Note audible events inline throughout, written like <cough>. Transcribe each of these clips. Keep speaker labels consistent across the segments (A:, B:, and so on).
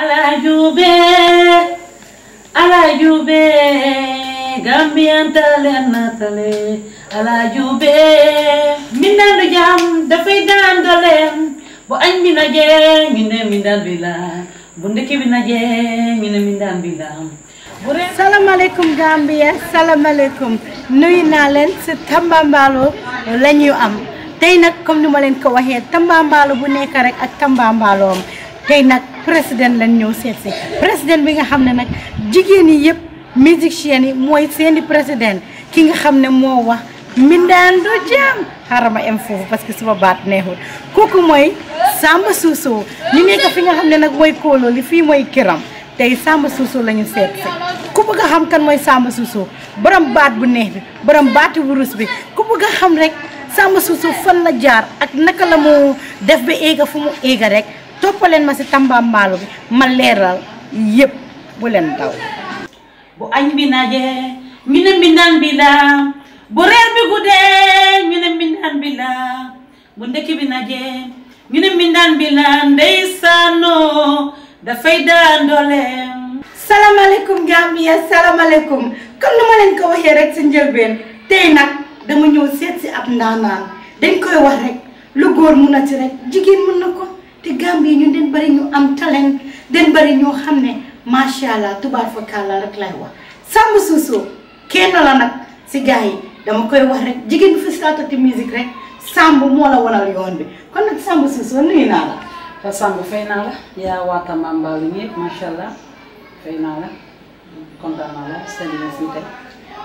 A: alaajube alaajube Gambian Talents na tale alaajube mbindaan du jàmm dafay daan dooleem bu añ bi na jee ñu ne mbindaan bi la bu ndekki bi na jee ñu ne mbindaan bi la
B: salaamaaleykum Gambia salaamaaleykum nuyu naa leen si Tambambalu la ñu am tey nag comme ni ma leen ko waxee Tambambalu bu nekk rek ak Tambambalu am tey nag président lañ ñëw seet si président bi nga xam ne nag jigéen yi yëpp musiciens yi mooy seeni président ki nga xam ne moo wax mindaan do jaam xarama em foofu parce que suma baat neexul kooku mooy Samba Suso ñu nekk fi nga xam ne nag mooy kóoloo li fii mooy këram tey Samba Suso la ñu seet si ku bëgg a xam kan mooy Samba Suso borom baat bu neex bi borom baati wurus bi ku bëgg a xam rek Samba Suso fan la jaar ak naka la mu def ba éega fu mu éega rek toppaleen ma si Tambambalu bi ma leeral yëpp bu leen daw
A: bu añ bi najee ñu ne mbindaan bi la bu reer bi guddee ñu ne mbindaan bi la bu ndekki bi najee ñu ne mbindaan bi la ndey saanoo dafay daan dooleem
B: salaamaaleykum Gambia salaamaaleykum comme nu ma leen ko waxee rek si njëlbeen tey nag dama ñëw seet si ab ndaanaan dañ koy wax rek lu góor mun na ci rek jigéen mun na ko te Gambie ñun den bari ñu am talent den bari ñoo xam ne macha allah tubaar fa kàlla rek lay wax. Samba Suso kenn la nag si gars yi dama koy wax rek jigéen bu fi saatati musique rek Samba moo
A: la wanal yoon bi kon nag Samba Suso nuyu naa la. te Samba fay naa la yaa waata Mamba bi ñëpp macha allah naa la kontaan naa la sëñ bi fi tey.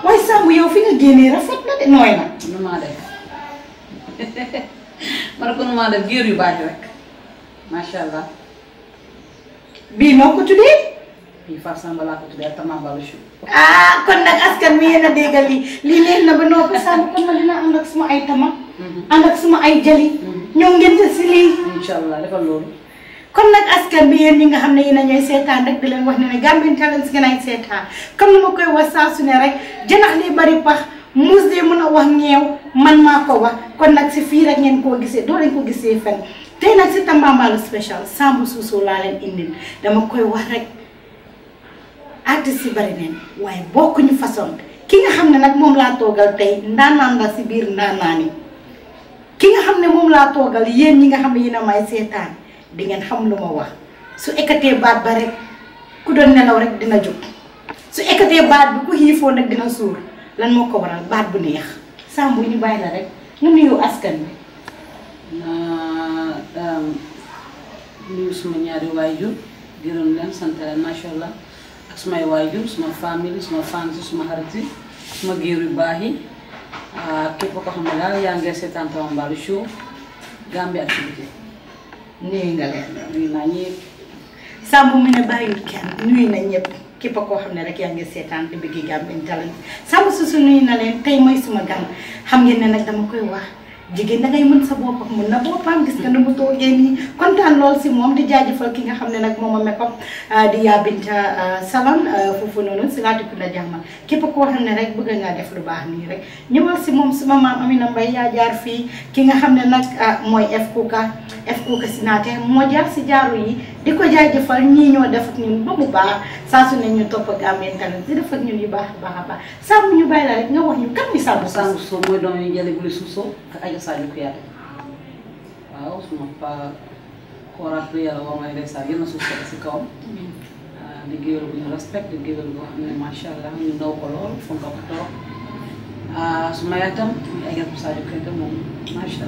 B: waaye Samba fi nga génnee rafet na de nooy na.
A: nu maa def ma <laughs> maa def géer yu baax rek. MashaAllah. Bi mo ko tudé? Bi fa Samba laa ko tudé tamam Tamba Mbalu Chou. ah kon nak askan
B: mi yéen a déggal Li leen na ba no ko sànni kon ma dina ànd ak ay tama. Mhm. ànd ak ay jali. Mhm. ñoo ngeen si sili. Inshallah,
A: allah defal loolu.
B: kon nak askan bi yeen yi nga xam yeen yéen a rek di leen wax ni ne Talents gëna ay seetaan comme ni ma koy wax sa su ne rek jënax li bari pax musde mëna wax ñew man mako wax kon nak ci fi rek ngeen ko gisee do lañ ko gisee fen tey nag si Tambambalu spécial Sambou Suso laa leen indil dama koy wax rek artistes yi bari neen waaye bokkuñu façon ki nga xam ne nag moom laa toogal tey ndaanaan la si biir ndaanaan ki nga xam ne moom laa toogal yéen ñi nga xam ne yéen a may seetaan di ngeen xam lu ma wax su ekkatee baat ba rek ku doon nelaw rek dina jóg su ekkatee baat bi ku xiifoo nag dina suur lan moo ko waral baat bu neex Sambou ñu bàyyi la rek ñu nuyu askan bi.
A: news suma ñaari waajur gërëm leen sant leen allah ak sama waajur sama family sama fans sama xarit sama suma bahi. yu baax ah, ko xam ne ya yaa ngi seetaan Tawambalu show ak ci ni nga leen ni naa ñëpp
B: sàmm mu ne bàyyiwul na ñëpp képp ko xam ne rek yaa di bëgg susu nuy na leen tay moy suma gam xam ngeen ne nak dama koy wax jigéen da mën sa boppam mën na boppam gis nga ne mu nii kontaan lool si moom di jaajëfal ki nga xam ne nag moom a mekop ah, di yaa Binta ah, Salon ah, noonu si laa dikku la jàmmal képp koo xam ne rek bëgg ngaa def lu baax nii rek ñëwal si moom suma maam Amina Mbaye yaa jaar fii ki nga xam ne nag mooy F Kuka F si naate moo jaar si jaaru yi di ko jaajëfal ñii ñoo def ak ñun ba mu baax saa ne ñu topp di def ak ñun yu baax a baax a baax sàmm
A: ñu bàyyi la nga wax ñu kan ni sàmm sàmm soo mooy doon ñu jële bu suuf soo ak Aja Sadio Kuyaate waaw suma pa xoraat lu yàlla war may ndeysaan yal na suuf soo si kawam mm-hmm. di géwél bu respect di géwél boo xam ne macha allah ñu ndaw ko lool fonk ko torop ah, suma yaay tam muy Aja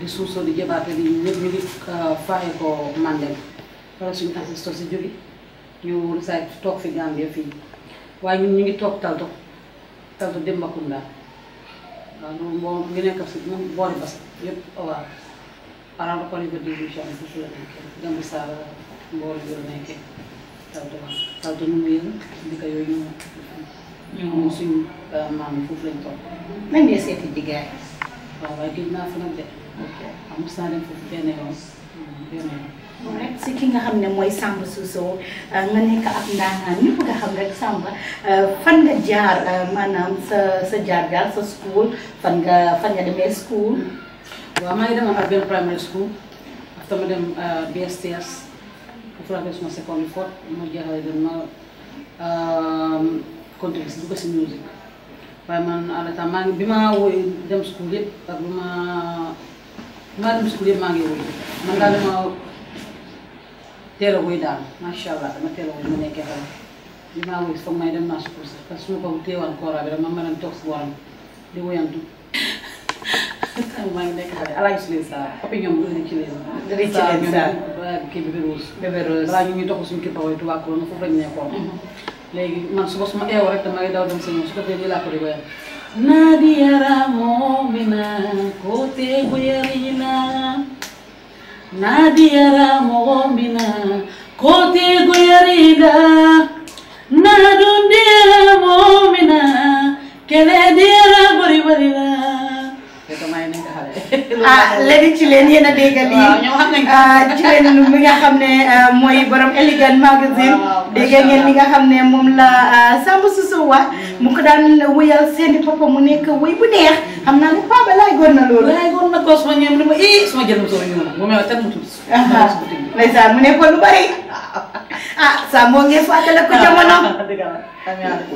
A: di suusoo di jabaate bi ñëpp ñu ngi euh, faaxee ko Mandela wala suñu ancestor si jóge ñu risaay toog fi Gambia fii waaye ñu ngi toog talto talto Demba Kunda waaw loolu moom moom boori bas nekkee Gambi Saara mboori bi la nekkee talto waaw yooyu ñu ñu suñu euh, maam foofu lañ toog même seeti jigaay waaw waaye gis naa fa nag de Okay. am
B: saane foofu benn yoon benn yoon. alright si ki nga xam ne mooy Samba Suso uh, nga nekk ab ndaanaan ñu bëgg xam rek Samba uh, fan nga jaar uh, maanaam sa
A: sa jaar-jaar sa school fan nga fan nga demee school. waaw ak primary school after ma dem BSTS foofu laa def dem ma um, music waaye man à la ma dem school ak maanaam suuf de maa ngi wéy man daal dama teel a wéy daal macha allah dama teel a wéy ma nekkee xale bi maa wéy foog may dem naa suuf sax parce que su ma ko teewaan kooraa bi rek ma mën a toog si waaram di wéyantu maa ngi nekk xale ala yu si leen saa xopi ñoom dëgg ci leen. dëgg ci leen saa kii bébé rose. bébé rose balaa ñu ñuy toxu suñu kii pawoy tubaab ko woon foofu lañu nekkoon. Mm-hmm. léegi man suba su ma eewoo rek damay daw dem sa ñoom su ko defee lii laa ko di wéyal. Nadie era momina, kote guyarina.
C: Nadie era
A: momina, kote guyarina. Nadun dira momina, kele dira bari barina. ah <laughs> léegi ci leen
B: yéen a déggal lii ah, ci leen mi nga xam ne ah, mooy borom Elegant magazine dégg ngeen li nga xam ne moom la ah, Samba Suso wax mm. mu ko daan wéyal seeni papa mu nekk wéy bu neex mm. xam naa ne Paa laay góor na loolu laay góor na ko suma ñëw ni ma
A: ii suma jël moto ñu mu tudd ndeysaan
B: mu nekkoon lu bari <laughs> ah Samba ngeen jamono
A: <laughs>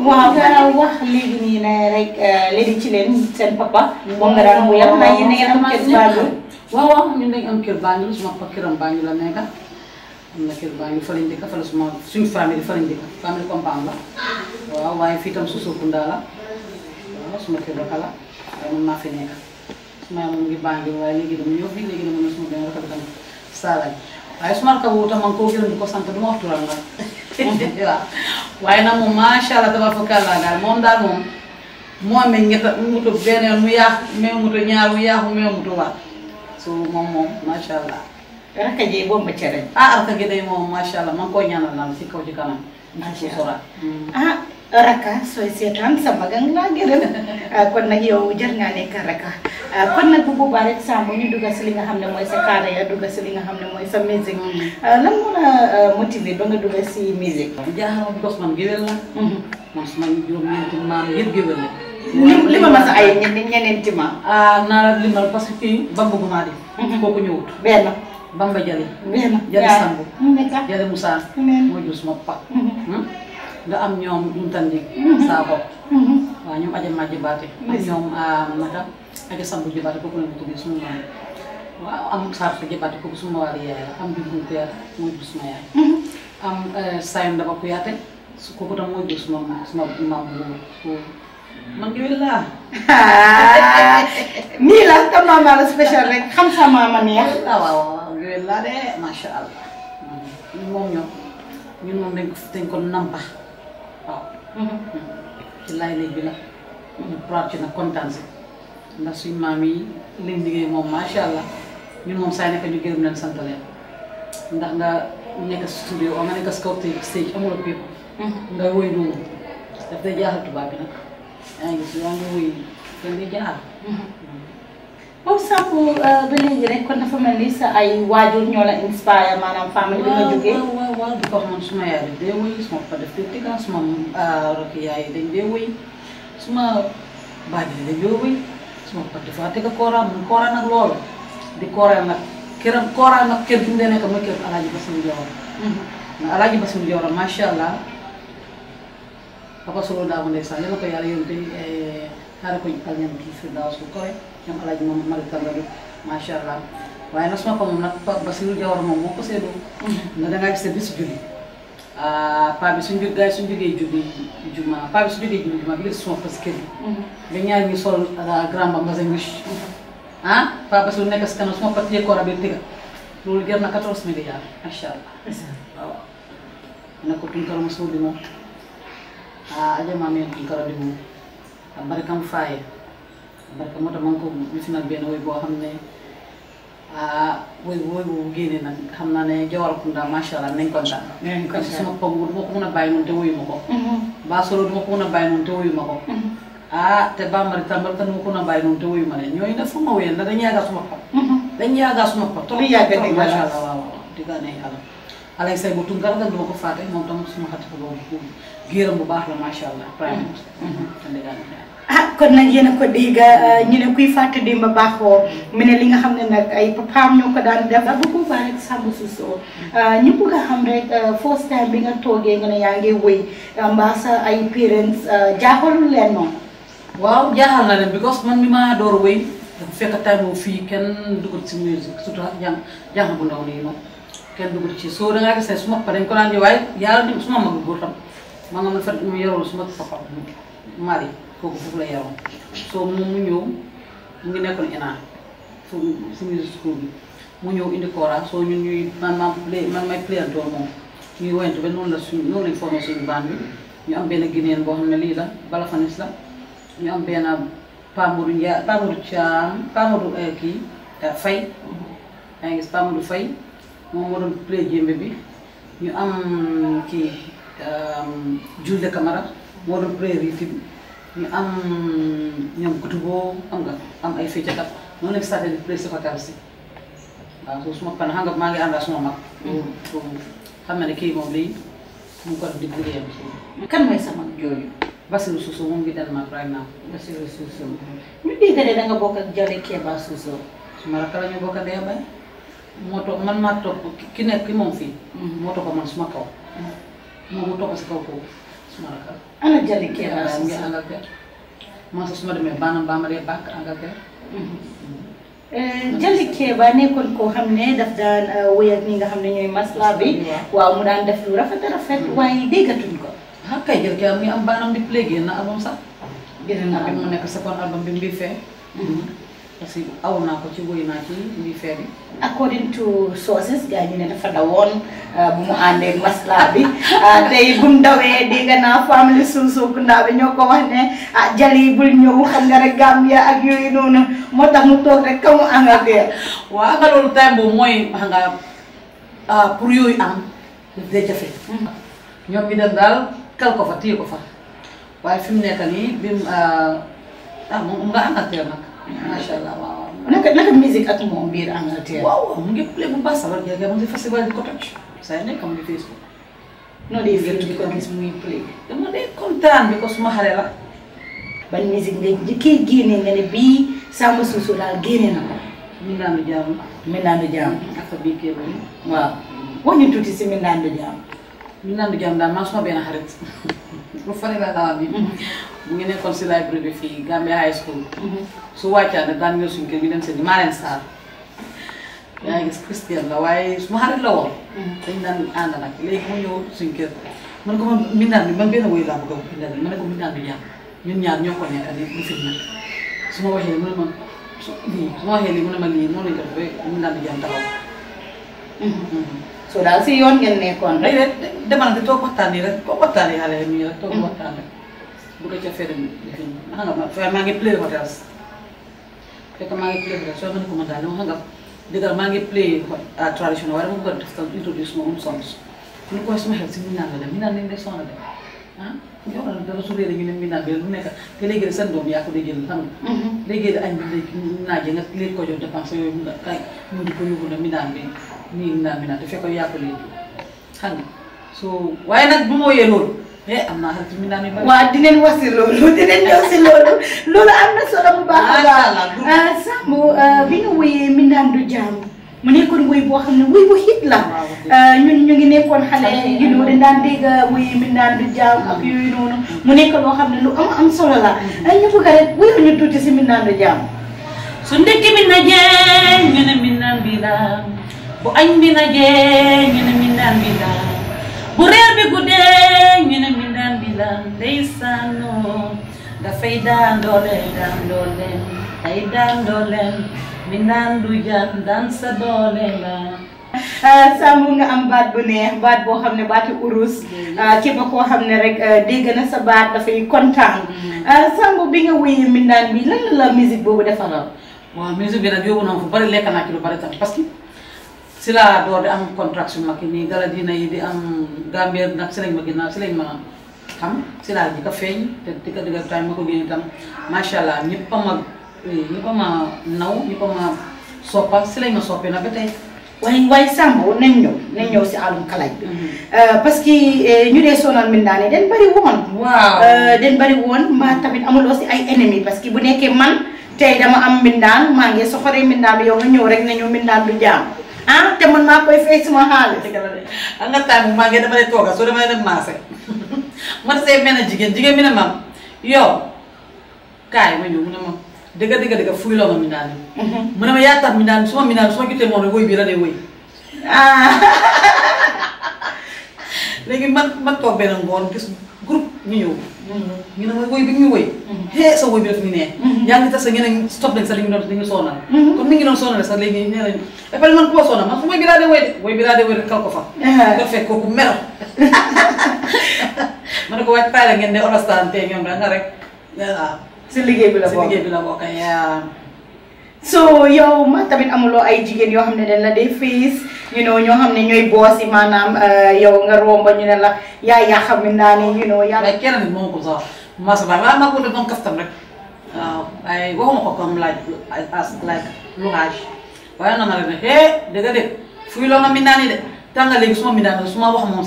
A: waaw nga
B: wax léegi nii ne rek
A: euh, léegi ci leen seen papa. moom nga daan mu yàlla naa yéen a am kër Banjul. waaw waaw ñun dañu am kër Banjul suma papa këram Banjul la nekk am na kër Banjul fa lañ dëkk fa la suma suñu famille fa lañ dëkk famille compound la waaw waaye fii tam Susookunda la waaw suma kër ba kala waaye man maa suma yaay moom ngi Banjul waaye léegi dama ñëw fii léegi dama ne suma benn rakk bi tamit Saalañ waaye su ma la ko woo man ko sant du ma wax turam nag waaw waaye nag moom macha allah dama fa kàllaa daal moom daal moom moo amee ñett moto beneen mu yaaxu même moto ñaar mu yaaxu même moto waat so moom moom macha allah. rakk ji boobu ma cere. ah rakk ji day moom macha allah man koo ñaanal daal si kaw ci kanam. macha allah ah. Raka sooy seetaan sa magang laa gërëm
B: kon nag yow jër ngaa nekk Raka kon nag bu boobaa rek Samb ñu dugg si li nga xam ne mooy sa carrière dugg si li nga xam ne mooy sa musique lan moo la motivé ba nga dugg si
A: musique. jaaxal bi man géwél la. man su ma juróom la. li ma mën a ay ñeneen ñeneenti ma. ah naa la limal parce que kii bamb gu maa di. kooku ñëwut benn. bamba Jali. benn Jali Sango. moo jur suma nga am ñom ñoom duntandig mhm. saabo mhm. waaw ñom aja majje baate ak ñoom iya. naka aja sambu ko ko ñu tuddee suñu maam wa am sa sarta ko ko suñu waari yaa am bi bu teer moy bu suñu yaa am eh, sayon daba ku yaate su ko kooku tam mooy jur suma suma maam bu man ngi wel laa nii la ta naa la special rek xam sa maama neex wa wa ngi wel laa de sha allah ñu mom ñu ñu mom dañ ko dañ ko nampa waaw. ci laay léegi la. ñu ci nag kontaan si ndax suñu maam yi liñ liggéey moom macha allah ñun moom saa nekk ñu gërëm leen sant leen ndax nga nekk studio wala nga nekk stage stage amul ak nga woy noonu daf day jaaxal tubaab bi nag yaa ngi gis yaa ngi
B: boobu sàpp euh, ba léegi rek kon dafa ay waajur ñoo la inspire maanaam famille bi nga jógee. waaw
A: waaw waaw di ko xam suma yaay dee wëy suma fa def suma ah, rakk yaay dañ dee wëy suma baaj bi dañ dee suma fa dafa tega mun kooraan nag loolu di kooraan nag këram kooraan nag kër gi mu dee nekk mm-hmm. ko yàlla yóbbu te eh, xaaral ko ñu kal ñam kii fi daaw su koy yang lagi mo magkagabi. Mashallah. Waaye nag suma ko moom pak ba Bassirou orang mau ngopo sih dong nggak dangaa gis ne bis julli paa bi suñ jóg gars yi suñ juma paa bi suñ jógee juma bi semua suma fas kër bi nga ñaar ñu ah pak Bassirou nekk si kanam suma patiyee koora bi tiga loolu dia na terus milliards ya allah waaw ne ko tunkara ma suudi moom ah ajama meen kalau di moom am bari ndax moo tax ma ko gis nag woy boo xam ne ah woy woy bu génne nag xam naa ne Jawarakunda macha allah nañ kontaan. nañ kontaan sama pom du ma ko mën a bàyyi te wuyu ma ko. Basoro du ma ko mën a bàyyi noonu te wuyu ma ko. Mm-hmm. Mm-hmm. ah te Bambara Tambal te du ma ko mën te wuyu ma leen ñooñu nag fu ma wéyal dañuy yàggal suma xol. Mm-hmm. dañuy yàggal suma xol. trop trop macha allah waaw di ko ne yàlla. Alay bu ma ko fàtte moom tam suma xarit boobu géeram bu baax la
B: ah kon nag yéen a ko dégg ah, ñu ne kuy fàtte démb baaxoo mu ne li nga xam ne nag ay papaam ñoo ko daan def ba ah, bu baax rek Samba Suso ah, a xam rek bi nga toogee nga ne yaa ngi wëy mbaa sa ay parents jaaxalul leen noonu.
A: waaw jaaxal na leen because man mi maa door wëy dafa fekk time fii kenn dugut si musique surtout ak jàng bu ndaw nii moom kenn dugut ci soo da ngaa gisee su ma papa dañ ko daan di waaye yàlla suma mag góor tam maa ngi mën a fekk mu yorul suma papa Marie. kooku foofu la yaroon so mu mu ñew mu ngi nekkoon ENA fu suñu school bi mu ñew indi kora so ñun ñuy man ma man may player do moom ñuy wëntu ba non la suñu noonu lañ formé suñu baan bi ñu am ben guinéen bo xamné li lii la balafanis la ñu am ben benn Pamadou Ndiaye Pamadou Thiam Pamadou eh, kii eh, fay ay ngi pamuru fay mo mo do play jémbe bi ñu am ki euh jul de Camara mo do play rifi ñu am ñoom kutuboo xam nga am ay feccakat ñoo nekk saa di play si fatal si waaw soo suma pan xam nga maa ngi ànd ak suma mag. Mm. mu ko di liggéeyam si. kan mooy sama jooju. Basirou ñu dégg ne da nga bokk ak Jale Keba Suso. suma rakk la ñu bokk ak Bay moo toog man maa toog ki nekk ki moom fii. Mm. moo toog man suma kaw. Mm. moom mu toog si kaw kooku. ana mm-hmm. eh, jali keeɗa singe angleterre ma so suma ɗume bana mbamare bak angleterre
B: Jalli Keba nekkoon koo xam ne daf daan uh, wéy ak ñi nga xam ne ñooy masla bi. wa mu daan def lu rafet a rafet. Mm-hmm. waaye déggatuñ ko. ah kay
A: Jalli Keba mu ngi am baanaam bi léegi na album sax. gis naa album mu nekk second album bi mu fee. Mm-hmm. parce que aw naa ko ci wéy naa ci muy feer
B: according to sources gars ñu dafa dawoon euh, bu mu àndee masla bi <laughs> ah, tey bu mu dawee dégg naa family Sunsukunda bi ñoo ko wax ne a ah, jali bul ñëw xam Gambia ak yooyu noonu moo tax mu toog rek kamu
A: mooy xam nga ah, pour yooyu am daf dee jafe. Mm-hmm. ñoom ko fa téye ko fa waaye fi mu nekk nii bi mu ah nga Angleterre macha allah waaw. naka naka musique ak moom biir Angleterre. waaw mu ngi play bu baax sabar Ndiaye mu ngi festival di ko saa yu nekk mu ngi Facebook. noo dee film di ko gis muy play. dama dee kontaan bi ko suma xale la. ban musique nga
B: njëkkee génne nga ne bii Samba Suso daal génne na ko. Mbindaandu Jaam. Mbindaandu
A: Jaam. ak sa biir kër waaw wax ñu tuuti si Mbindaandu Jaam. ñu naan jàmm daal maa suma benn xarit bu fari la daaw bi mm-hmm. mu ngi nekkoon si library bi fii Gambia High School mm-hmm. su wàccaa ne daan ñëw suñu kër ñu dem seen Marien Sarr mm-hmm. yaa ngi gis Christian la waaye suma xarit la woon dañ daan ànd nag léegi mu ñëw suñu kër man ko man mindaan bi man benn woyu laa bëgg a mindaan bi ma ne ko mindaan bi jàmm ñun ñaar ñoo ko nekk ni bu fi nag su ma waxee mu ne ma lii su ma waxee lii mu ne ma lii noonu lañ ko defee mindaan bi jàmm taxaw
B: so daal si yoon ngeen nekkoon rek. léegi
A: nag demal di toog waxtaan yi rek ko waxtaan yi xale yi rek. toog mm-hmm. waxtaan rek bu ca fere nga ma fay maa ngi play hotel fekk maa ngi play so a mën ko mën daal dama xam nga dëggal maa ngi play traditional waaye dama bëgg a def tam introduce moom songs suma xel si mi naan la dem mi naan nañ de sonn dem ah ñoo xam su réeré ñu ne mi naan bi lu nekk te léegi seen doom yaa ko day jël xam nga mm-hmm. nii naa mi naa te fekk waaye nag bu ma wooyee loolu mais eh, am naa xarit mi naa mi
B: bari. waaw dinañ wax si loolu <laughs> dinañ ñëw si loolu loolu am na solo bu baax a baax. Ah, Sambou ah, bi nga wooyee Mbindaan du jaam mu nekkoon woy boo xam ne woy bu hit la ah, ñun ñu ngi nekkoon xale yi ñu dañ daan dégg woy Mbindaan du jaam ak mm-hmm. yooyu noonu mu nekk loo xam ne lu am am solo la mm-hmm. ñu bëgg rek wéyal ñu tuuti si Mbindaan du jaam. su ndekki bi na jeex ñu
A: ne la. bu añ bi najee ñu ne mbindaan bi la bu reer bi guddee ñu ne mbindaan bi la ndeysaan oh, dafay daan dooleen daan dooleen ay du jaan daan sa
B: doole la ah, saamu nga am baat bu neex baat boo xam ne baati urus mm. ah, képp koo xam ne rek ah, dégg na sa baat dafay kontaan mm. Sambu bi nga wéyee mbindaan
A: bi lan la musique boobu defaral waaw musique bi nag yóbbu na fu bari lekk naa ci lu bari tam parce sila do ang contraction makini gala di na idi ang gambir nak sila magina sila mga kam sila di ka fein tek tika diga time ko gini tam mashallah ni pa mag eh, ni pa ma now ni pa ma sopa sila ma sopa na bete wahin way sambo nañ ñew nañ ñew ci alum kalay bi mhm. euh parce eh, que ñu
B: dé sonal min den bari won waaw euh den bari won ma tamit amul aussi ay enemy parce que bu nekké man tay dama am mindaan ma nge soxore mindaan bi yow nga ñew rek nañu mindaan du jam ah te man maa koy fay suma xaalis. dëgg la de
A: am nga taal bu màggee dama lay toogal soo dama lay dem marché ma see benn jigéen jigéen bi ne maam yow kaay ma ñëw mu ne ma dëgg dëgg dëgg fuy loo ma mi naan. Mhm. mu ne ma yaa tax mi naan su ma mi naan su ma jotee moom rek woy bi la dee woy ah <laughs> léegi man man toog benn ngoon gis groupe ñu ñëw. Mm-hmm. ñu ne mooy woy bi woy xee sa woy bi daf ñu nee mm-hmm. yaa ngi tas sa ñeneen stop lañ sax dañu doon dañu soonal comme mm-hmm. ni ngi doon soonal sax léegi nee nañu dafa man ku ma soonal man fu may bi daa dee woy de woy bi daa woy de kal ko fa eh. nga <laughs> ma ne ko wàcc paay la ngeen ne orastan te ñoom da nga rek si liggéey bi la bokk si liggéey
B: yaa so yow ma tamit amuloo ay jigéen yoo xam ne dañ la day face you know ñoo xam ne ñooy boos yi maanaam euh, yow nga romba ñu ne la yaa
A: yaa xam naa ne you know yaa. waaye kenn moom ko sax Massa Ba waaye maa ko doon kastam rek waaw waaye ko comme laaj as laaj waaye nag ma ne eh dëgg dëgg fuy loo nga mi naa ni de tànga léegi su ma mi naa su ma wax moom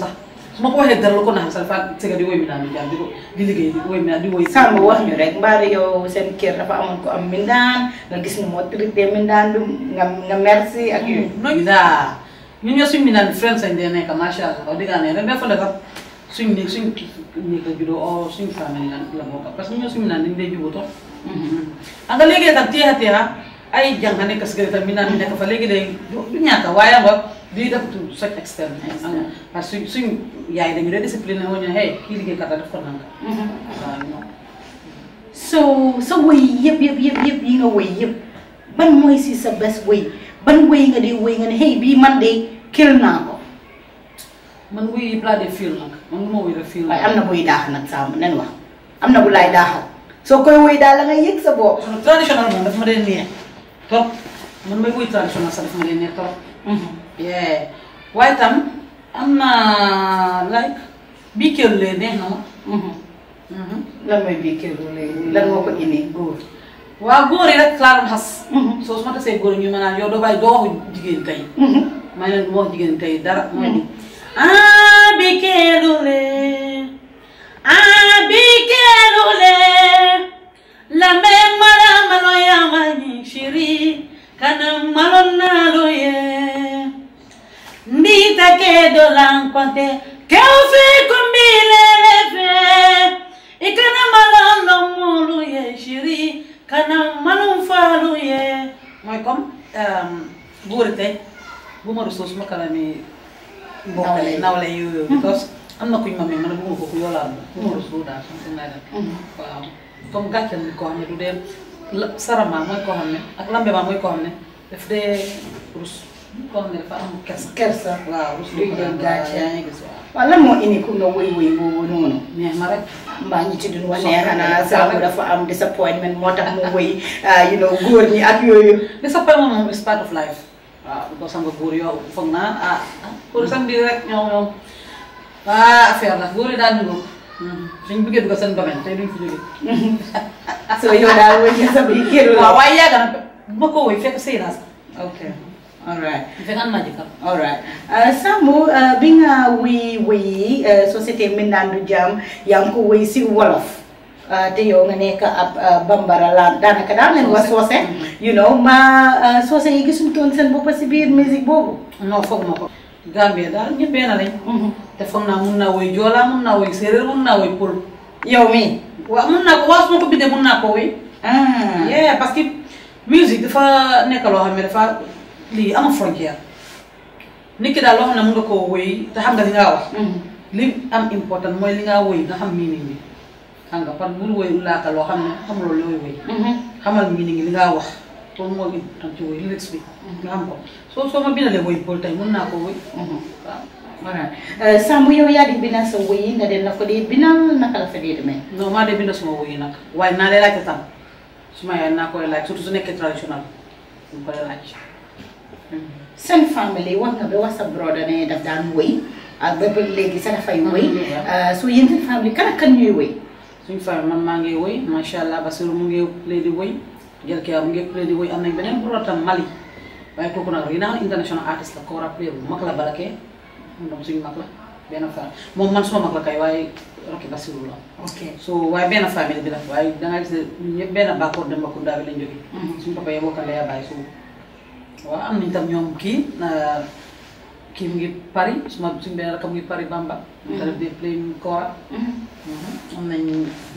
A: mako waxe dara ko naxam salfa sega di woy minaan jam di ko di liggéey di woy di woy sàmm wax ñu rek mbaari yo seen kër dafa amoon ko am mindaan nga gis ni moo trité ya mindaan du nga nga merci ak yu noñu da ñun friends sañ dee ya nekk masha allah di diggaa ne rek dafa dafa suñ nekk suñ nekk judoo o suñ famille lan la bokk parce que ñoo suñ mindaan dañ dee juboo tox mm-hmm. anga léegi kat teexa teexa ay jàng nekk si gërëm mindaan mi fa léegi day du ñàkk waaye lii def tu soj externe parce que suñ yaay dañu dee discipline wu ñu hey kii liggéey kat la def ko nanga waaw
B: so sa woy yep, yep, yep, yëpp yi nga woy yëpp ban mooy si sa best way, ban way nga di way nga hey be Monday, kill kil naa ko
A: man woy yëpp laa dee fiil nag man lu ma woy def fiil waaye am na buy daax nag saa nen wax
B: ah? am na bu laay daaxal soo koy woy daal la nga
A: sa bopp traditional moom daf ma dee neex trop man may woy traditionnel sax daf ma dee neex trop yeah waaye tam am uh, like biikeel lee neex na ma lan mooy biikeel lee lan moo ko indi góor waaw góor yi rek laa doon so soo su ma tasee góor ñu ma naan yow doo bàyyi doo wax jigéen uh-huh, leen wax dara mm-hmm. ah biikeelu lee eh. ah biikeelu lee eh. la mbee malo ya ma shiri chéri kanam malon na loye. nitakedo lankwante keufiku mileleve ikana malando mulu ye shiri kana malum falu ye mooy comme ehm, buuri tey bu mm. ma rusoo suma kalami mbokkale nawle yooyu because am na kuñ ma mee man a bu ma ko ku yoolaal bu ma mm. rusoo daal something like that mm. waaw comme gàccal nit koo xam ne du dee sarama mooy koo xam ne lambe ma mooy koo xam ne koo xam ne dafa am kersa. kersa waaw. luy jël gàcce yaa ngi gis waaw. waaw lan moo indi ku nga woy
B: woy boobu noonu. neex ma rek mbaa ñi ci a wane xanaa saabu dafa am disappointment moo
A: tax mu woy ah, you know góor ñi ak yooyu. disappointment moom is part of life. waaw du ko sanga góor yow foog naa a ah pour sam biir rek ñoom ñoom ah affaire la góor yi daal ñu dañ hmm, bëggee dugg seen domaine tey duñ fi <laughs> sa biir kër la. waaw waaye yàgg na ok. Alright. Vegan Magical.
B: binga wi wi uh, uh, uh société Mindandu Jam yang ko wi si wolof. Uh, te yow nga nekk ab bambara
A: laan daanaka daan leen wax mm-hmm. you know
B: ma soose yi gisuñu toon seen bopp si biir musique
A: boobu non foog ma ko Gambie daal ñëpp benn lañ mm-hmm. te foog naa mun naa woy joolaa mun naa woy séeréer mun naa woy pël yow mii waaw mun naa mun naa ko woy ah. yee parce que musique dafa nekk loo xam ne dafa lii amul frontière nit ki daal loo xam ne mën koo wéy te xam li ngaa wax. Mm-hmm. li am important mooy li ngaa wéy nga xam miini bi xam nga par bul wéy laaka loo xam ne xamuloo looy wéy. Mm-hmm. xamal miini ngi li ngaa wax loolu moo important ci wéy lyrics bi. Mm-hmm. nga xam ko soo soo ma bindalee wéy bool tey mën naa koo wéy. waaw. voilà euh, Sambou yow di bindal sa woy yi nga dem na ko di bindal naka la fa dee demee. maa de bindal sama woy yi waaye naa lay laajte tam su ma yaay naa koy laaj su nekkee traditionnel
B: sen family wax nga ba wax sa brother ne daf daan wëy ak ba ba léegi sa dafay wëy
A: so yéen seen family kan ak kan ñuy wëy suñ famille man maa ngi wëy macha allah Basiru mu ngi play di wëy jël kii mu ngi play di wëy am nañ beneen brother tam Mali waaye kooku nag rina international artist la ko war a play bu mag la balakee moom suñu mag la benn famille moom man suma mag la kay waaye Rocky Basiru la ok so waaye benn famille bi la waaye da nga gis ne ñun ñëpp benn bàkkoor dem ba Kounda bi lañ jógee mm-hmm. suñu papa yeboo ya, kan la yaa bàyyi suñu waaw am nañ tam ñoom kii euh, kii mu ngi Paris suma suñu benn rakam mu ngi mm-hmm. mu mm-hmm. mm-hmm. nañ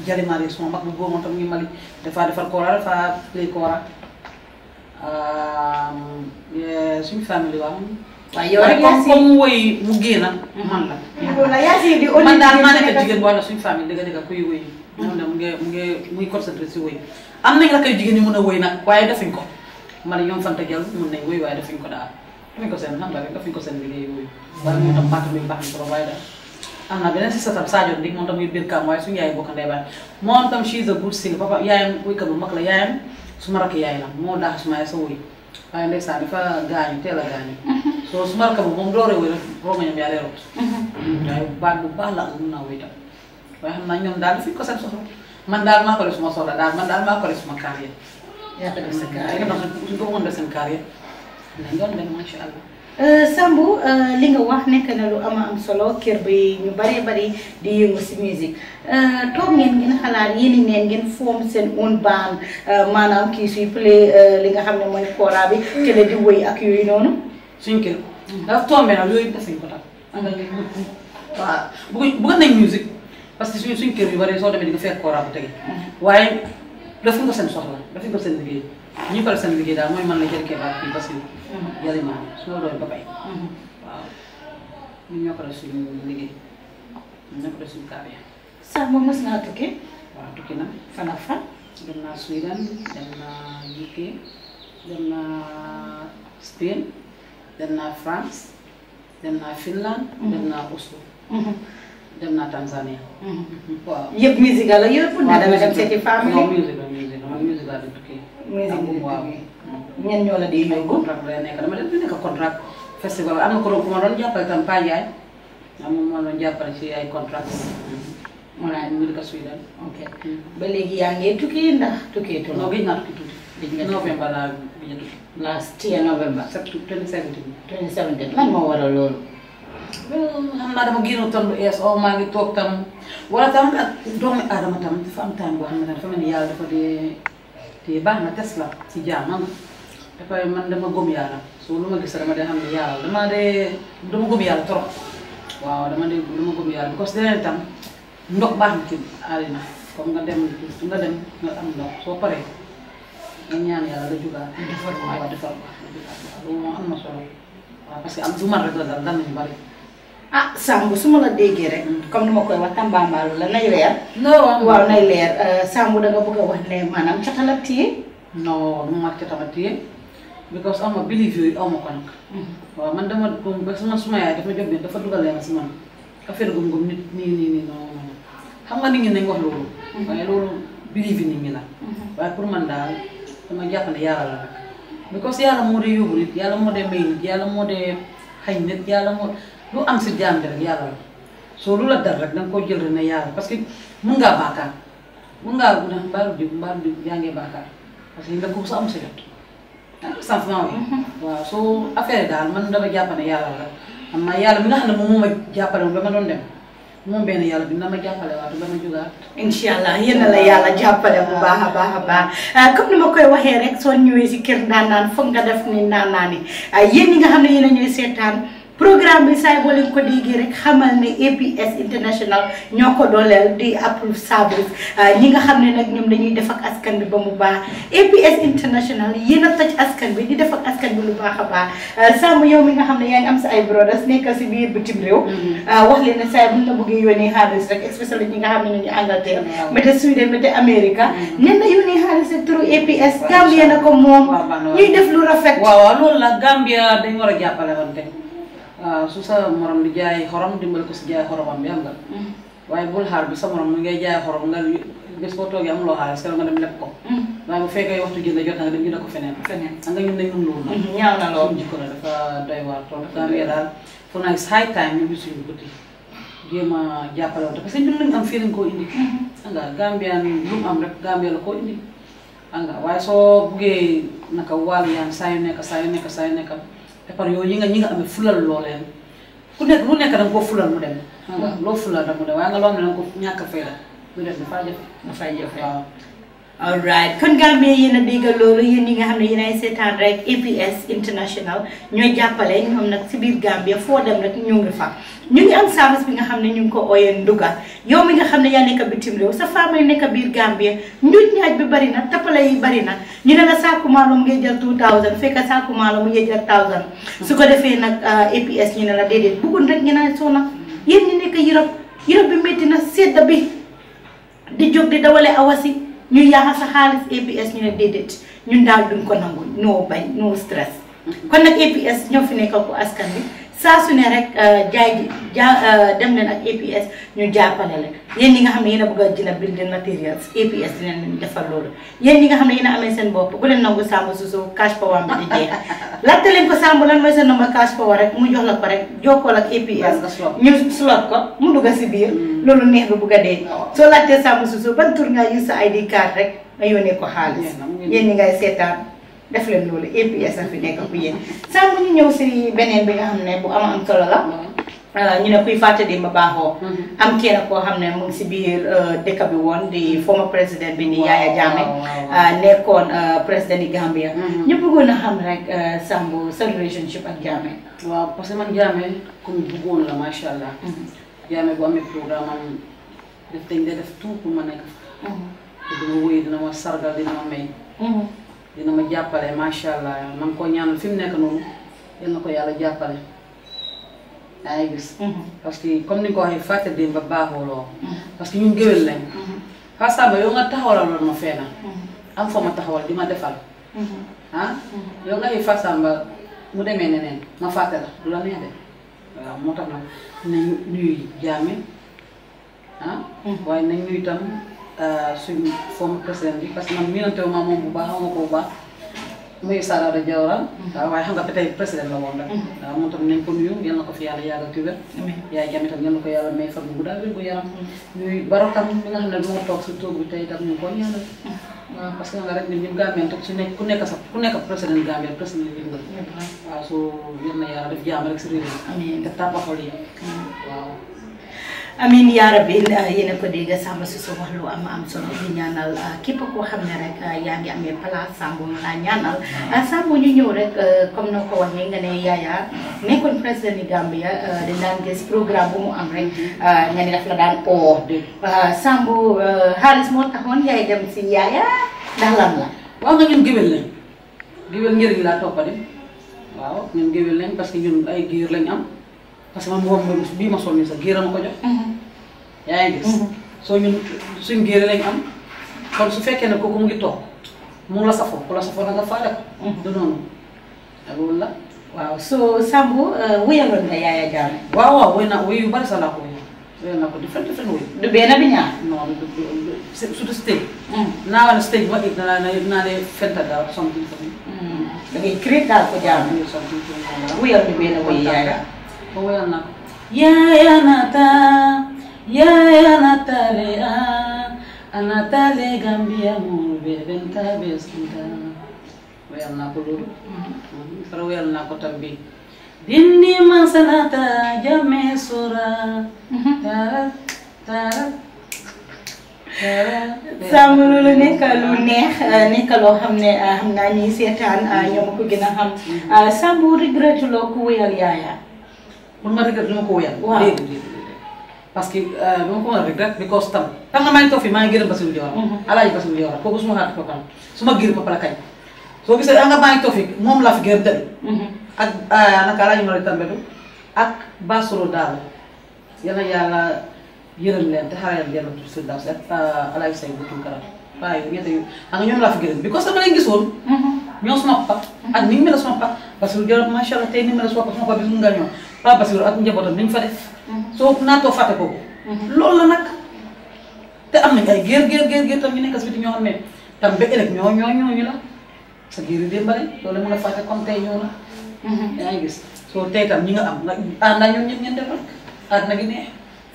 A: Jalimaare suma mag bu boobu moom tam ngi Mali dafaa defar Kora dafaa plaine Kora euh, suñu famille waaw. waaye yow rek yaa si comme woy mu la. voilà yaa si di au man daal maa nekk jigéen ngi mu ngi muy concentré am nañ la koy jigéen ñi mën a woy nag waaye defuñ ko. ma ne ñoom sant ak yàlla mën nañ wéy waaye dafuñ ko daal dafuñ ko seen xam nga rek dafuñ ko seen liggéey yooyu waaye moom tam bàtt mi baax na trop waaye daal am naa beneen si sa tam Sadio Ndik moom tam muy biir kaam waaye suñu yaay bokk ndey baay moom tam she's a good singer papa yaayam wuykat bu mag la yaayam su ma rakk yaay la moo daax suma yaay sa wuy waaye ndeysaan dafa gaañu teel a gaañu soo su ma rakk bu moom dooree wuy rek romañam yaa lay rot waaye baat bu baax la mun naa wuy tam waaye xam naa ñoom daal dafuñ ko seen soxla man daal maa ko def suma soxla daal man daal maa ko def suma carrière yaakaar sa carrière yi nga doon suñ ko waxoon def seen carrière yi doon dem macha allah.
B: Sambou eh, li nga wax nekk na lu ama am solo kër bi ñu baree bari di yëngu si musique eh, toog ngeen ngeen xalaat yéen neen ngeen form seen own band eh, maanaam kii suy play li nga xam ne mooy kora bi. kële di wëy ak yooyu noonu.
A: suñ kër. dafa tombé nag yooyu def nañ ko tam. waaw bëgg bëgg nañ musique parce que suñ suñ kër yu bari soo demee di nga fekk kora bu tege mm-hmm. waaye. def nga seen soxla def nga seen liggéey ñi fal seen liggéey daal mooy man la jël kebaat bi ba seen yali maam su ma doon ba bay waaw ñu ñoo ko def suñu liggéey ñu ñoo ko def suñu kaabe na Spain dem France dem naa Finland dem mhm. naa Oslo mhm. dem naa Tanzania. Mhm. waaw yëpp musical la yëpp. waaw musical la dem seeti famille. non musical musical musical di tukki. musical waaw. ñenn ñoo la di yóbbu. contrat lay nekk dama def nekk contrat festival am na kuréel ku ma doon jàppale tam Pa Ndiaye. am na ma doon jàppale ci ay contrat. moo naa ñu dëkk Sudan. ok ba léegi yaa ngi tukki ndax tukkee tuuti. non gëj naa tukki tuuti. gëj nga novembre laa gëj a last year novembre. septembre 2017. 2017 lan moo waral loolu. adama gino tan do es o oh, ma tok gitu, tam wala tam doomi adama tam dafa am tan bo xamne dafa melni yalla dafa de te bax na tesla ci jaamam dafa man dama gom yalla so luma gis dama de xamne yalla dama de dama gom yalla torop waaw dama de dama gom yalla because denen tam ndok bax na ci alina comme nga dem nga dem nga am ndok so paré nga ñaan yalla la juga defar ko defar ko lu mo am na solo parce que am du man rek la dal dal nañu bari ah Samb su ma la déggee rek comme ni ma koy wax Tambambalu la nay leer. non waaw nay leer eh, Samb da nga bëgg a wax ne maanaam cota la non du ma cota ma because aw ma believe yooyu aw ma ko nag. Mm-hmm. waaw man dama gëm ba sama suma yaay dafa jóg dafa dugal leen si man affaire gëm-gëm nit nii nii nii non non xam nga nit ñi nañ wax loolu. Mm-hmm. waaye loolu believe nit ñi la. Mm-hmm. waaye pour man daal dama jàpp ne yàlla la nag because yàlla moo dee yóbbu nit yàlla moo dee may nit yàlla moo dee xañ nit yàlla moo. lu am si jaam rek yàlla la soo lu la dal rek danga ko jël rek ne yàlla parce que mun ngaa baakaar mun ngaa gudd mbaalu diw mbaalu diw yaa ngi naa ah, mm-hmm. waaw soo affaire daal man dama jàpp ne yàlla la xam bi nga xam ne moom moo ma jàppale woon ba ma doon dem moom benn yàlla bi na ma jàppale waatu na la yàlla jàppale bu baax a baax
B: a ah, ni ma koy waxee soo ñëwee si kër ndaanaan foog nga def ni ndaanaan yi ah, nga xam ne yéen a seetaan. programme bi say bo len ko digi rek xamal ni APS international ñoko dolel di approve service ah, ñi nga xamne nak ñom dañuy def ak askan bi ba mu ba APS international yéen a askan bi di def ak askan bi lu baax ba ah, sam yow mi nga xamne yaay am sa ay brothers nekkal ci biir bitim rew mm-hmm. ah, wax leen ne saay bu ta bëgg yoni xaaliss rek especially ñi nga xamne ñu ngi Angleterre. mété na yoni xaaliss APS. Gambia na mom, moom ñuy def lu rafet.
A: waaw loolu la Gambia dañ wara jappalé wante. Eh, susa moram morom di jaay xorom dimbal ko si jaay xoromam bi am nga. Hmm. waaye bul har bi sa morom mi ngay jaay xorom nga bés boo toogee amuloo xaalis keroog nga dem leb ko. waaye bu fekkee waxtu jënd jot na nga dem jënd ko feneen. feneen nga ñun dañu mën na ñaaw na lool jikko la dafa doy waar tool. Gambia daal for now it's high time ñu gis suñu dia jéem a jàppale woon parce que ñun lañ am feeling ko koo indi. xam nga Gambia lu am rek Gambia la koo indi. xam nga waaye soo buggee naka wàll yaan sayu yu nekk saa yu nekk te par yooyu ñi nga ñi nga amee fulal loo leen ku nekk lu nga koo fulal mu hmm. ñàkk a fay la mu def dafaa kon Gambie
B: yéen a déggal loolu yéen ñi nga xam ne yéen ay seetaan rek APS international ñooy jàppale ñoom nag si biir Gambie foo dem rek ñoo ngi fa. ñu ngi am service bi nga xam ne ñu ngi ko ooyee nduga yow mi nga xam ne yaa nekk bitim réew sa faama yi nekk biir Gambie bi bari na tappale yi bari na ñu ne la saaku maalum ngay jël 2000 fekk saaku maalum ngay jël 1000 su ko defee nag euh, APS ñu ne la déedéet bëggoon rek ñu naan soo na yéen ñi nekk Europe Europe bi métti na sedda bi di jóg di dawale awasi ñu yaaxa sa xaalis APS ñu ne déedéet ñun daal duñ ko nangu no bañ no stress kon nag APS ñoo fi nekkal ko askan bi saa su ne rek euh, jaay ji ja euh, dem leen ak EPS ñu jàppale leen yéen ñi nga xam ne yéen a bëgg a jënd building materials EPS dinañ defal loolu yéen ñi nga xam ne yéen a amee seen bopp bu leen nangu Samba Suso cash power bi di jeex <laughs> laajte leen ko Samba lan mooy seen nombre cash power rek mu jox la ko rek jokkoo ak EPS ñu slot ko mu dugg si biir hmm. loolu neex bi bugg a dee oh. soo laajtee Samba Suso ba tur nga use sa ID card rek a yónnee ko xaalis yéen ñi ngay seetaan def leen loolu EPS a fi nekk ku yéen saa bu ñu ñëw si beneen bi nga xam ne bu am am la. Mm-hmm. ñu ne kuy fàtte di ma baaxoo. Mm-hmm. am kenn koo xam ne mu si biir euh, dëkk bi woon di former président bi ni Yaya Jammeh. Euh,
A: nekkoon euh, président yi Gambia. Mm-hmm. ñu bëggoon a xam rek Sambu sa relationship ak Jammeh. waaw parce que man Jammeh comme bëggoon la macha allah. Jammeh bu amee programme am daf dañ def tout pour ma nekk. te dama wéy dina ma sargal dina ma may. dina ma jàppale macha allah man koo ñaanal fi mu nekk noonu yal na ko yàlla jàppale. yaa ngi mm-hmm. parce que comme ni ko waxee fàtte démb ba baaxoo loo mm-hmm. parce que ñun géwél lañ. Mm-hmm. Fassamba yow nga taxawaloon ma fee na. am fa ma taxawal di ma defal. ah yow nga xëy Fassamba mu demee neneen ma fàtte la du la nee waaw moo tax nag nañ nuyu jaame ah. waaye nañ nuyu tam. suñu former président bi parce que man miinante wu ma moom bu baax xaw ma ko bu baax muy Sara da Jawara waaw waaye xam nga ba tey président la woon rek waaw moom tam nañ ko nuyu yal na ko fi yàlla yàggal ci wér yaay jam itam yal na ko yàlla may fan bu guddaa wér gu yaram ñuy barotam mi nga xam ne moo toog si toog bi tey ñu ngi koy parce que nga rek ñun ñëpp Gambien su nekk ku nekk sax ku nekk président Gambien président bi nga waaw so yal na def jaam rek si réew mi te tàmbaxol yi waaw amin yaa rabbi
B: yéen a ko dégg Samba am am solo di ñaanal ah, képp koo xam ne rek ah, yaa ngi amee place Samba mu laa ñaanal mm. ah, Samba ñu ñëw rek comme na ko waxee nga ne Yaya mm. nekkoon président ni Gambia dañ daan gis bu mu am rek nga ne daf la daan oo Samba xaalis moo taxoon yaay dem si Yaya
A: ndax la waaw nga ñun géwél lañ géwél njëriñ laa toppa de waaw ñun géwél lañ parce que ñun giir lañ am parce que man boobu moom bii ma sol nii sax géer a ma ko jox. Mhm. yaa ngi gis. Mhm. soo ñun suñ géer lañ am kon su fekkee ne kooku mu ngi toog mu la safoo ku la safoo na nga faale ko. Mhm. du noonu ak loolu la. waaw soo Sambu euh, wéyaloon nga Yaya Jammeh. waaw waaw wéy naa wéy yu bari sax laa ko wéy. wéy naa ko di fenn fenn wéy. bi ñaar. non du du du naa war a ma it naa ne naa ne fenta daal something. da ngay créer daal ko jaam. something wéyal du benn wéy nak? Ya ya nata, ya ya nata lea, anata le Gambia mu bebenta besunda. Koweana kulur. Hmm. Kalau koweana kotambi. Dindi masanata jame sura. Hmm. ta tarat saa mulu loolu nekk lu neex
B: nekk loo xam ne xam naa ñi seetaan ñoom ko gën a xam saa bu regretuloo ya
A: ya. yaaya pour ma regret duma ko woyal. waaw déedéet parce que dama euh, ko mën a regret because tam tam nga maa ngi toog fii maa ngi gërëm Basiru Jawara. Mhm. alaaji Basiru Jawara kooku su ma xaar ko kan su ma gërëm ba pare kañ. soo gisee da ah nga maa ngi toog fii moom laa fi gërëm dëgg. Mhm. ak euh, naka alaaji Malick Tambadou ak Basoro Daal yal na yàlla yërëm leen te xaaral leen si daaw si ak euh, alaaji Seydou Boutou Karam waaw yow ñett yu xam nga ñoom laa fi gërëm because dama leen gisoon. Mhm. ñoo suma papa ak ni mu mel suma papa Basiru Jawara macha allah tey ni mu mel suma papa suma papa bi mu nga ñoom Paa ah, Basiru ak njabootam li ñu fa de
C: mhm.
A: soo naa naatoo fàtte ko. Mhm. lool la nag te am na ay géer géer géer géer tam ñu nekk si biti ñoo xam ne tam ba ëllëg ñoo ñoo ñooñu la sa géer yi démbale loolu la mën a fàtte comme tey ñoo la. Mhm. yaa ngi gis soo tey tam ñi nga am nga ànd ah, ak ñoom ñëpp ngeen def rek àdduna gi neex.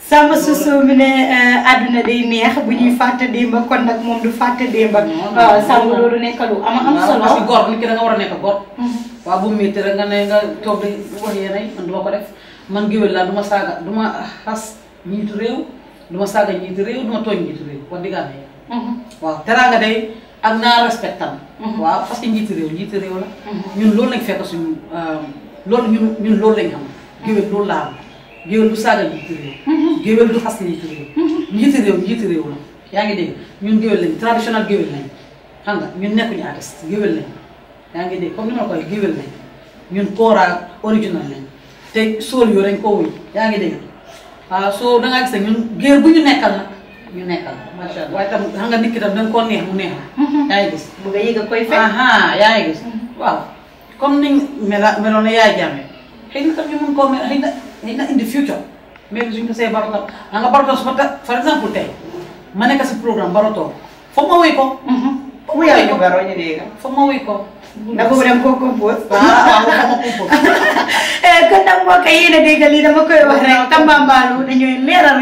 B: sama susu mu ne eh, àdduna day neex bu ñuy fàtte démba kon nag moom du fàtte démba. waaw sàmm loolu
A: nekk lu am am solo. waaw parce que góor nit ki war a nekk góor. Mhm. waaw bu man ko def man géwél laa du ma saaga du ma xas njiitu réew du saaga njiitu réew du ma tooñ njiitu réew wax dëgg mhm. waaw teraanga day ak naa respectam mhm. waaw parce que njiitu réew njiitu réew la. ñun loolu lañ fekk suñu euh, loolu ñun loolu lañ xam. géwél loolu laa am. Mhm. géwél du saagal njiitu réew géwél du xas njiitu réew njiitu réew njiitu réew la yaa ngi dégg ñun géwél lañ traditionnel géwél lañ xam nga ñun nekkuñu artiste géwél lañ yaa ngi dégg comme ni ma koy géwél lañ ñun kooraa original lañ te sool yoo dañ koo wuy yaa ngi dégg waaw ah, soo dangaa gis ñun géer bu ñu nekkal nag ñu nekkal macha allah waaye tam xam nga nit ki tam dañ koo neex mu neex la mhm. yaa ngi gis bu nga yëg a koy fekk yaa ngi gis mhm. waaw comme niñ mela meloon na yaay jàmme xëy na tam ñu mën koo mel xëy na in the, in the future, maybe we can say Baroto. Ang Baroto, for example, tay, maneka sa program Baroto. For mo ko. Uy, ano ba ron yun For mo ko. Nakulang
B: ko kumpos. Ah, ako ah, kumpos. Ah, ah, <laughs> eh, kung nang mga na di galina mo ko, tamba na nyo yung lera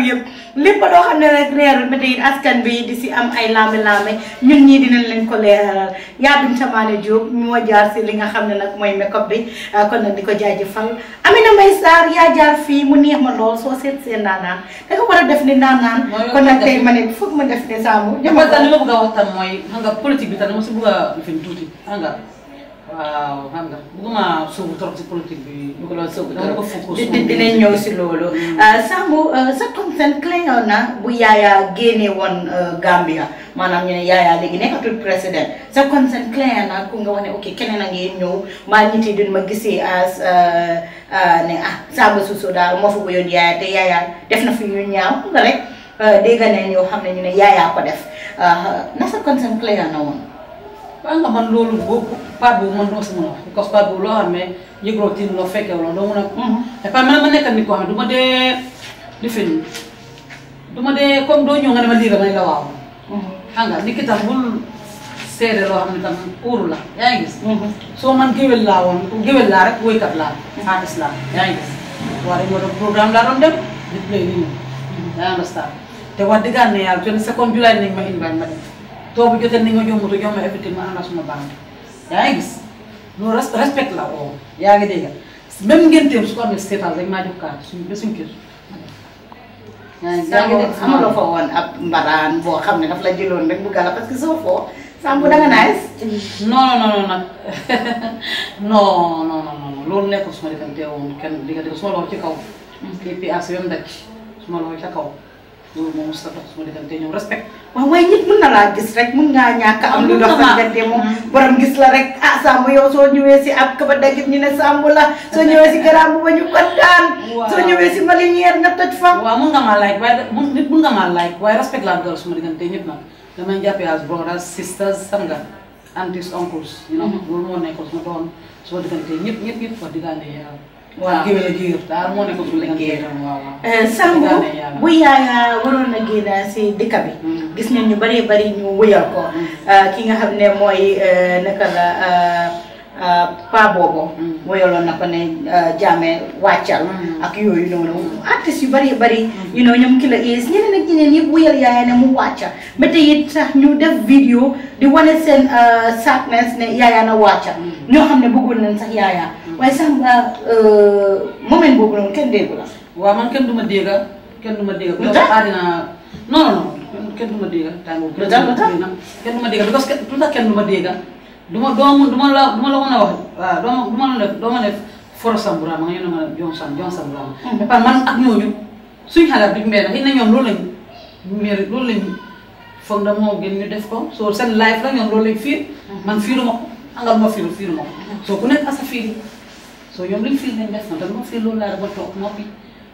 B: lépp doo xam ne rek leerul ba tey askan bi di si am ay laame-laame ñun ñii dinañ leen ko leeralal yaa Binta Mané Diop moo jaar si li nga xam ne nag mooy makeup bi ah, kon nag di ko am Amina May Sarr yaa jaar fii mu neex ma lool soo seet seen naanaan da nga war a def ni naanaan
A: kon nag tey ma
B: ne foog ma def ne saamu. ñu ma ko li
A: ma bëgg mooy xam nga bi tam dama si bëgg a fi tuuti xam waaw xam nga bëgguma trop si politique bi. ñu ko doon sóobu trop di di dinañ ñëw si loolu. Mm.
B: Euh, Sambu euh, sa Thompson clairon na bu Yaya génne woon euh, Gambia maanaam ñu ne Yaya léegi nekkatul président sa Thompson clairon na ku nga ne ok keneen a ngi ñëw maa nit yi duñ ma gisee as ne ah Samba Suso daal moo fa ko yoon Yaya te Yaya def na fi ñu ñaaw nga rek dégg nañ ñoo xam ne ñu ne Yaya ko def
A: na sa Thompson clairon na woon. waaw nga man loolu boobu part boobu man doo si mën a wax parce que part boobu loo xam loo fekkee wala doo mun a. Mhm. Mm-hmm. te part man ma nekkal nit koo xam ne ma dee li fi nii dee comme doo ñëw nga ma lii la ma ne la waaw. Mhm. xam nga nit ki tam bul seede loo xam ne tam óoru la yaa mhm. man géwél laa woon géwél laa rek woykat laa. artiste laa yaa ngi gis. waaw rek moo doon laa doon di play nii nii. yaa ngi understand te wax ne yàlla jënd second taw bu jotee nañ ma jox moto jox ma effectivement am na suma bant yaa ngi gis loolu respect la oo yaa ngi dégg même ngénteem su ko amee seetal rek maa jox carte suñu ba suñu kër
B: boo xam ne daf la jëloon rek bu parce que soo foo
A: loolu nekkul su ma defante woon kenn su ma loxo ci kaw. Hmm. kii PAC yom daj su ma loxo ca kaw. loolu mau sa tax su ma defante ñoom respect
B: waaw waaye nit rek mën am lu gis rek ah Samb yow soo si ab kepada kita ñu ne Samb la si garaam bu ba ñu kontaan si
A: malinière nggak toj fa waaw mën nga maa laaj waaye nit mën nga maa laaj waaye respect ya, as brothers sisters sam aunties oncles you know loolu moo nekkoon su ma doon su ma diggante ñëpp waaw géwél géer daal moo euh, bu
B: yaaya waroon a génn si dëkk bi hmm. gis nañ ñu bëree bari ñu wëyal ko hmm. euh, ki nga xam ne mooy euh, naka la pa boobu hmm. wëyaloon na ko ne jaame wàccal ak yooyu noonu artistes yu bëri bëri you know ñoom ki la is ñeneen ak ñeneen yëpp wëyal yaaya ne mu wàcca ba tey it sax ñu def vidéo di wane seen sadness ne yaaya na wàcca ñoo xam ne bëggoon nañ sax yaaya waaye Samba euh, moment boobu noonu kenn déggu la.
A: waaw man kenn du ma dégg kenn du ma dégg. lu tax non non kenn du ma dégg. lu tax lu ma dégg parce que kenn du ma dégg du ma doomu du ma la du mën a wax waaw doo ma du ma la def doo ma ma nga yónnee ma la John Sam John hmm. ak ñooñu suñu xalaat duñu mel ne xëy na ñoom loolu lañu mel loolu lañu foog na moo gën def ko soo seen life la ñoom loolu lañu fiir hmm. man ma ko hmm. soo ku nekk asa fiir so ñoom liñ fil nañ des na dama fil loolu laa dafa toog noppi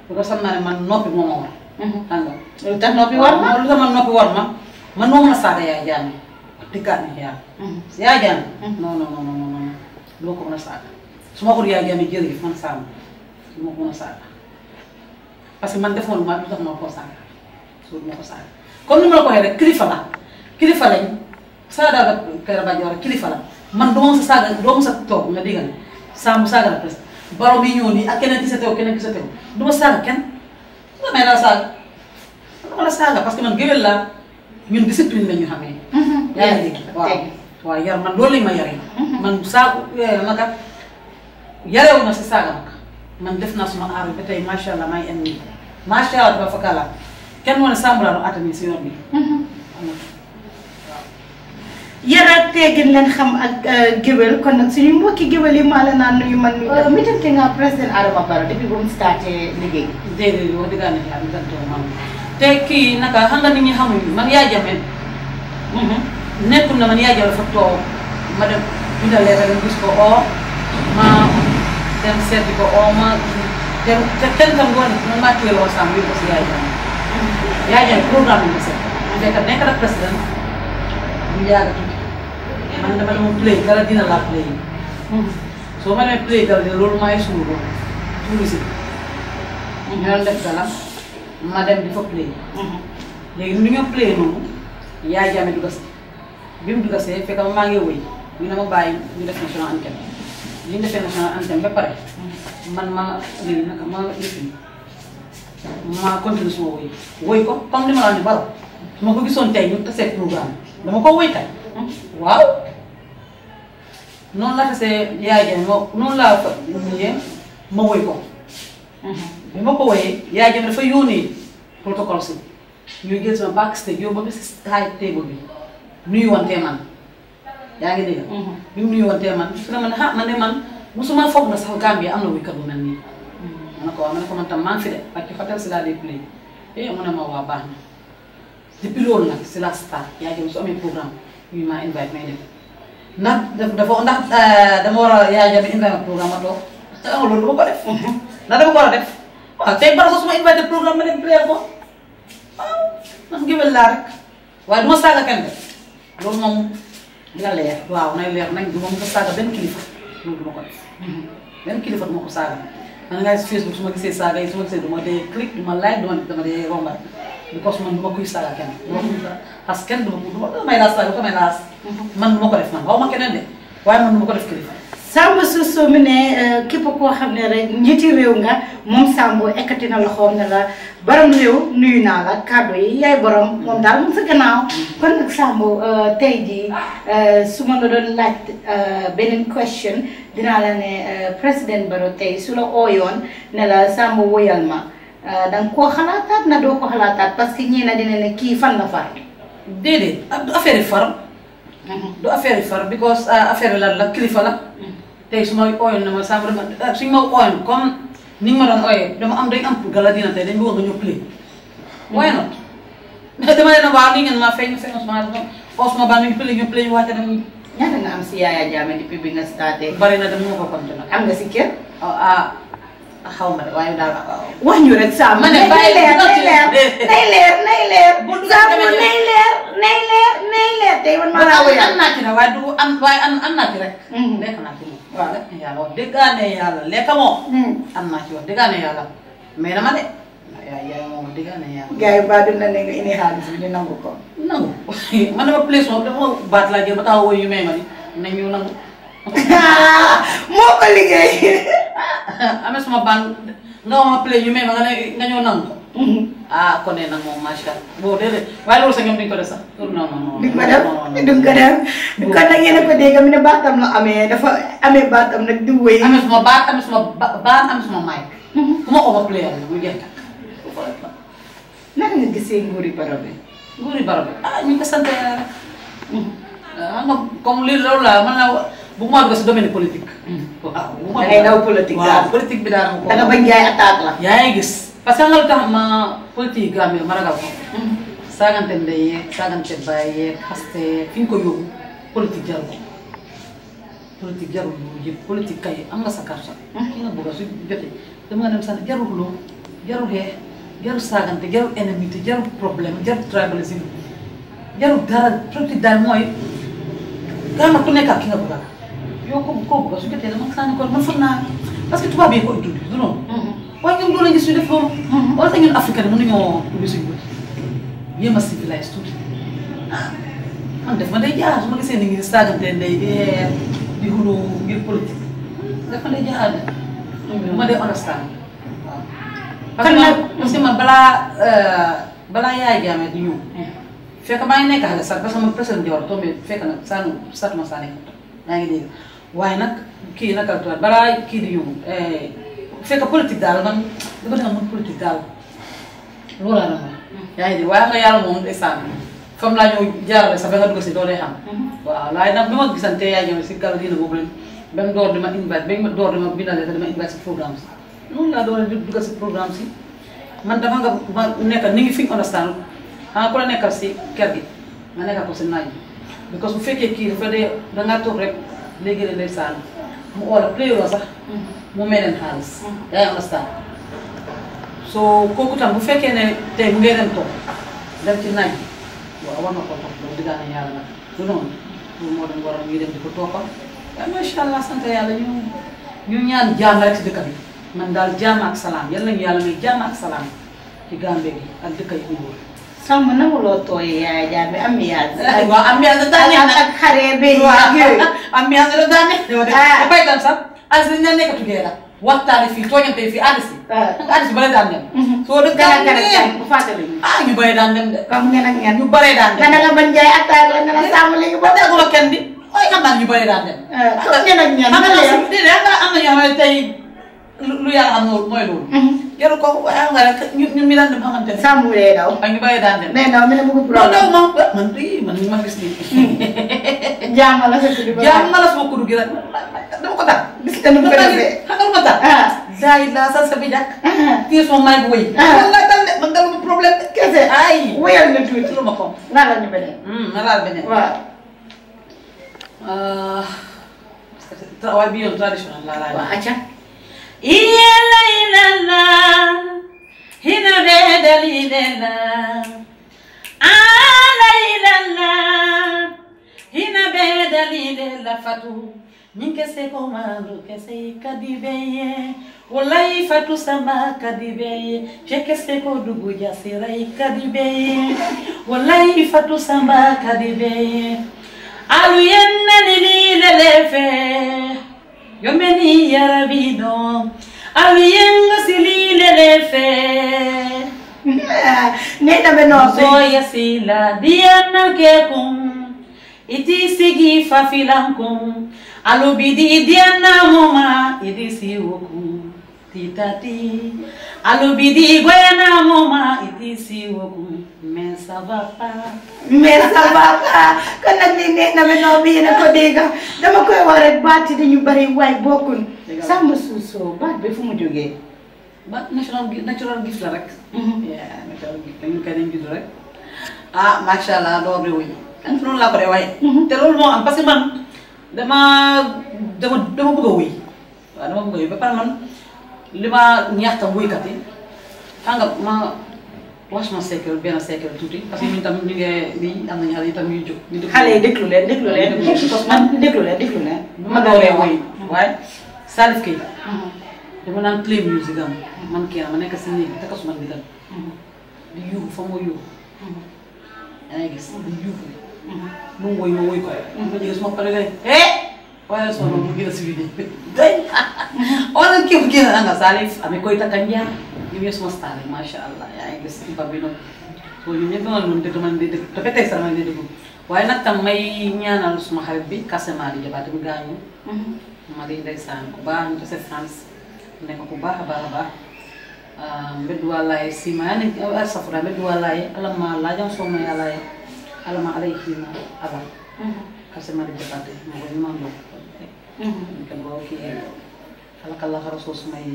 A: bu ko sam naa ne man noppi moo ma war xam nga tax noppi war ma lu tax man noppi war ma man moo mën a saaga yaay jaane wax dëggaat ne yàlla yaay jaane non non non non non doo ko mën a saaga su ma ko yaay jaane jërëjëf man saaga du ma ko mën a saaga parce que man defoon ma lu tax ma koo saaga so du ma ko saaga comme ni ma la ko waxee rek kilifa la kilifa lañ saa daal kër ba joor kilifa la man doo ma sa saaga doo ma sa toog nga digal saamu saaga la presque baro mi ñëw nii ak keneen ki sa teew keneen ki sa teew du ma saaga kenn du ma saaga parce que man géwél la ñu xamee. Mhm. yaa ngi man mhm. eh, yarewu na si saaga nag man def naa suma aar ba tey macha allah maa ngi am nii allah dafa fakkaalaat kenn moo ne sàmm laa doon attan si yoon bi. Mhm. yara teggin leen
B: xam ak euh, géwél kon nag suñu mbokki géwél yi maa la naan nuyu man nuyu tam euh, mitam te nga président Adama
A: Barrow depuis ba mu starté liggéey déedéet wax dëgg yàlla am te kii naka xam nga nit ñi man yaa jamee mhm. nekkul na man yaa jamee fa toog ma dem bindalee rek gis ko oo ma ko oo te te kenn tam ngoon man maa téye loo sàmm ko si yaa jamee mhm. yaa jamee programme yi ma seet nekk na président yàggatul man dama ne ma play dara dina la play soo ma nee play dara dina loolu maay suur ko suur si ñu doon def dara ma dem di fa play léegi nu ñu play noonu yaa jaame du gas bi mu dugasee fekk ma maa ngi wëy ñu ne ma bàyyi ñu def national anthem li ñu defee national anthem ba pare man ma léegi naka ma lifin ma continue suma wëy wëy ko comme li ma la dama ko gisoon tey ñu tasee programme dama ko wéykat waaw noonu la tasee yaay jëm ma noonu laa ko mujjee ma wéy ko bi ma ko wéyee yaay jëm dafa yónnee protocole si ñuy jël sama backstage yow ba nga si high table bi nuyuwantee man yaa ngi dégg mhm. bi mu nuyuwantee man su ne man ah man de man musuma foog na sax Gambie am na wéykat bu mel nii mhm. ma ne ko waaw ma ne ko man tam maa ngi fi de parce que hôtel si laa dee play eh mu na depuis loolu nag si la star yaa jëm su amee programme yu ma invite may def ndax dafa ndax euh, dama war a yaa jëm invite programme ah, a def waaw tey bala de loolu moom dina leer waaw nay leer nañ du ma mën a saaga benn kilifa loolu du ma ko def benn kilifa du ma ko saaga man su ma gisee saaga yi su gisee du dee click du ma like du ma dama because man du ma kuy saaga kenn. man du ma ko def man waaw ma keneen de waaye man du ma ko def kilifa.
B: Samba Soso mi ne euh, képp koo xam ne rek njiiti réew nga moom Sambo ekkati na loxoom ne la borom réew nuyu naa la kàddu yi yaay borom moom daal moom sa gannaaw kon nag Sambo euh, tey jii euh, su ma la doon laaj benn question dinaa la ne président Barrow tey su la ooyoon ne la Sambo woyal ma. da ko koo na do ko xalaataat parce que ñi na dina
A: ne ki fan la far. dede mhm. do affaire far. do affaire far because eh, affaire la la kilifa la. Mhm. tay suma ma na ma sàmm vraiment suñ ma ooyoon eh, comme ni ma don ooyee dama am day am pour galadina tay tey dañ bëggoon nga ñëw play. Mhm. waaye nag <laughs> dama leen a waaw ni ngeen maa suma do ko suma Ba ñu play ñu play ñu waté dem. ñaata nga
B: am si yaaya jame depuis bi nga staté bari na dem ñu ma ko compté nag. am nga si
A: kër. ah. ah. Ah, xaw ma de waaye daal wax ñu rek saa ma ne bàyyi leer nay leer nay leer nay leer saa mu nay leer nay leer nay leer tey man maa laa wëyal am naa ci rek waaye du am waaye am naa ci rek lekk mhm. naa ci moom waaw lekk na yàlla wax dëggaane yàlla lekka moom mhm. am naa ci wax dëggaane yàlla mais dama de yaay yaay moom wax dëggaane yàlla
B: gars yi baa dina ne nga indi
A: xaalis bi ñu nangu ko nangu <laughs> man dama place moom dama baat laa jël ba taxaw woyu may ma ni nañu nangu moo ko liggéey. am na ban nga wax ma play may ma ah kon nag moom macha kan. allah boo déedéet waaye loolu sax ñoom duñ ko def sax. non non
B: non duñ ko def duñ ko def. kon nag yéen a ko dégg mu ne baatam la amee dafa amee baatam nag di wéy. amee suma baat amee suma ba baat amee suma maay. ku ma over
A: ah ah bukman ga sudah main politik bukman ga daw politik ga politik bidara ya, ya, politik. taga banjay atat la yaay gis pasangal ka ma politik Kami mi maraga ko sagan tendaye sagan tebaye kaste fin yung, politik jaro ya, politik jaro yo politik kay am nga sakarsa nga buga su jote dama nga dem sana jaru lo jaru he jaru sagante jaru enemy jaru problem jaru tribalism jaru dara politik dal moy kama ku nekk ak ki nga yow ko kooku ba su jotee dama sànni ko man foog naa parce que tubaab yi koy dund du noonu. waaye ñun loolu la ñu suñu def loolu. wala sax ñun africain mënuñoo ubbi suñu bët yéem a civilisé tuuti ah man def ma day jaar su ma gisee ni ngi saagante ndey weer di xuloo ngir politique def ma day jaar de. ma day understand waaw. parce balaa balaa yaay jaamee di ñëw. fekk maa ngi nekk xale sax parce que man personne di war tombé fekk na sànni satuma sànni maa ngi dégg. waaye nag kii nag ak tuwaat balaa kii di yóbbu eh, fekk politique daal man li ma danga mën politique daal loolaa la ma. yaa ngi dégg waaye am nga yàlla moom instant bi fam laa ñëw jaarale sax ba nga dugg si doo day am. Mm-hmm. waaw waaye nag bi ma gisante yaa ñëw si gàllu diina boobu leen ba mu door di ma invite ba mu door di ma bindale te dama invite si programme si. loolu laa doon dugg si programme si man dama nga ma nekkal ni ngi fi understand xanaa ku la nekkal si kër gi nga nekkal ko si naaj bi parce que bu fekkee kii dafa dee dangaa toog rek. léegi rek ndeysaan mu oo la pléuro mu may leen xaalis mm. yaa ngi soo kooku tam bu fekkee ne tey mu ngay dem toog dem ci naaj bi waaw war na ko toog loolu diggaa nañ yàlla nag du noonu loolu moo doon waral ñuy dem di ko toppal waaye macha allah sant yàlla ñu ñaan jàmm rek si dëkk bi man daal jàmm ak salaam yal nañu yàlla may jàmm ak salaam ci Gambie bi ak yi ko wóor sàmm nawuloo tooyee yaay jaam bi ambiance. waaw ambiance la daan nekk ak
B: xaree beeg ak yooyu.
A: ambiance la daan nekk. dama def dafay dal sax. Alice dañu daan nekkatu Géera. waxtaanee fii tooñante fii Alice. waaw Alice bële daan dem. soo def daan dem bu fàttali ah ñu bëree daan dem de. comme ngeen ak ngeen ñu bëree daan dem. nga ne
B: la bañ jaay attaque la nga ne sàmm léegi boo. teguloo kenn di. ooy am naa ñu
A: bëree daan dem. comme ngeen ak ngeen. am na ñoo xam ne tey lu yàlla xam loolu mooy loolu. Mhm. jarul ko waaye xam nga rek ñun ñun ñu daan dem xamante ne. sàmm lay daw. ak ñu bàyyi daan dem. mais ndaw mi ne bëgg problème non non man de man ma gis nii. Hmm. jaam la sa kudu. jaam la sama kudu gi rek dama ko taal. gis nga nu mu ko defee xam nga lu ma taal. Ah. zaay laa sa sa bi jàkk. kii ah. sama maay bu wëy. Ah. man laa taal de man nga lu problème kese. ay wéyal nga tuuti lu ma ko. laal ñu beneen. Hmm, ma laal beneen. waaw. parce euh, que waaye bi yoon traditionnel laa laaj. waaw acca. Iyela ina
B: hinaveda
A: lilela. Ala ina hinaveda lilela fatu. Ninke se komaru ke se kadibeye, olai fatu sama kadibeye. Jeke se kodugu ya sirai kadibeye, olai fatu sama kadibeye. Alu yenna lilele fe. yo me vida, a silile de fe. <laughs> Neta también no soy así la diana que con y ti sigui fa filancon, alubidi diana mama y disi titati,
B: alubidi buena mama
A: y disi mais ça va pas.
B: mais ça va pas kon nag lii nee na benn bi yéen a ko dégg dama koy wax rek baati dañu bari waay bokkun.
A: dëgg la Samba baat bi fu mu jógee. ba natural natural gift la rek. waaw mm-hmm. natural gift dañu koy dañu judd rek. ah macha allah door bi wuñu. kan fi noonu laa ko dee waaye. Mm-hmm. te parce que man dama dama dama bëgg a wuy waaw dama ba pare man li ma ñaax tam wuykat yi xam nga ma. washma cycle benn cycle tuuti parce que ñun tam ñu ngi nii am na ñaar yi tam ñuy jóg. ñu déglu xale yi déglu leen déglu man déglu
B: leen déglu leen. bu ma doolee woy
A: waaye Salif Keita. Mhm. dama man kii ma nekk si néeg bi takka suma ndigal. Mhm. di yuuxu fa ma yuuxu. yaa mhm. ngi gis mu woy ma woy ko. ma jege suma pare lay eh. wala soo mu gën a sibi de. wala képp génn ànd Salif amee koy takka njaar. ఇవే వస్తాయి మాషా అల్లా English బబ్బిలో ونقول من ديدك تكتي سر من ديدك وانا تمي نيانا لوس محبي كاسماري جبات مغاني ماري داي سان كوبا انت سانس نك كوبا با با مد والله سيمان اسفر مد والله الله ما الله جان سو ما الله الله ما عليه ما ابا كاسماري جبات مغاني ما لو كان بوكي الله كالله رسول سمي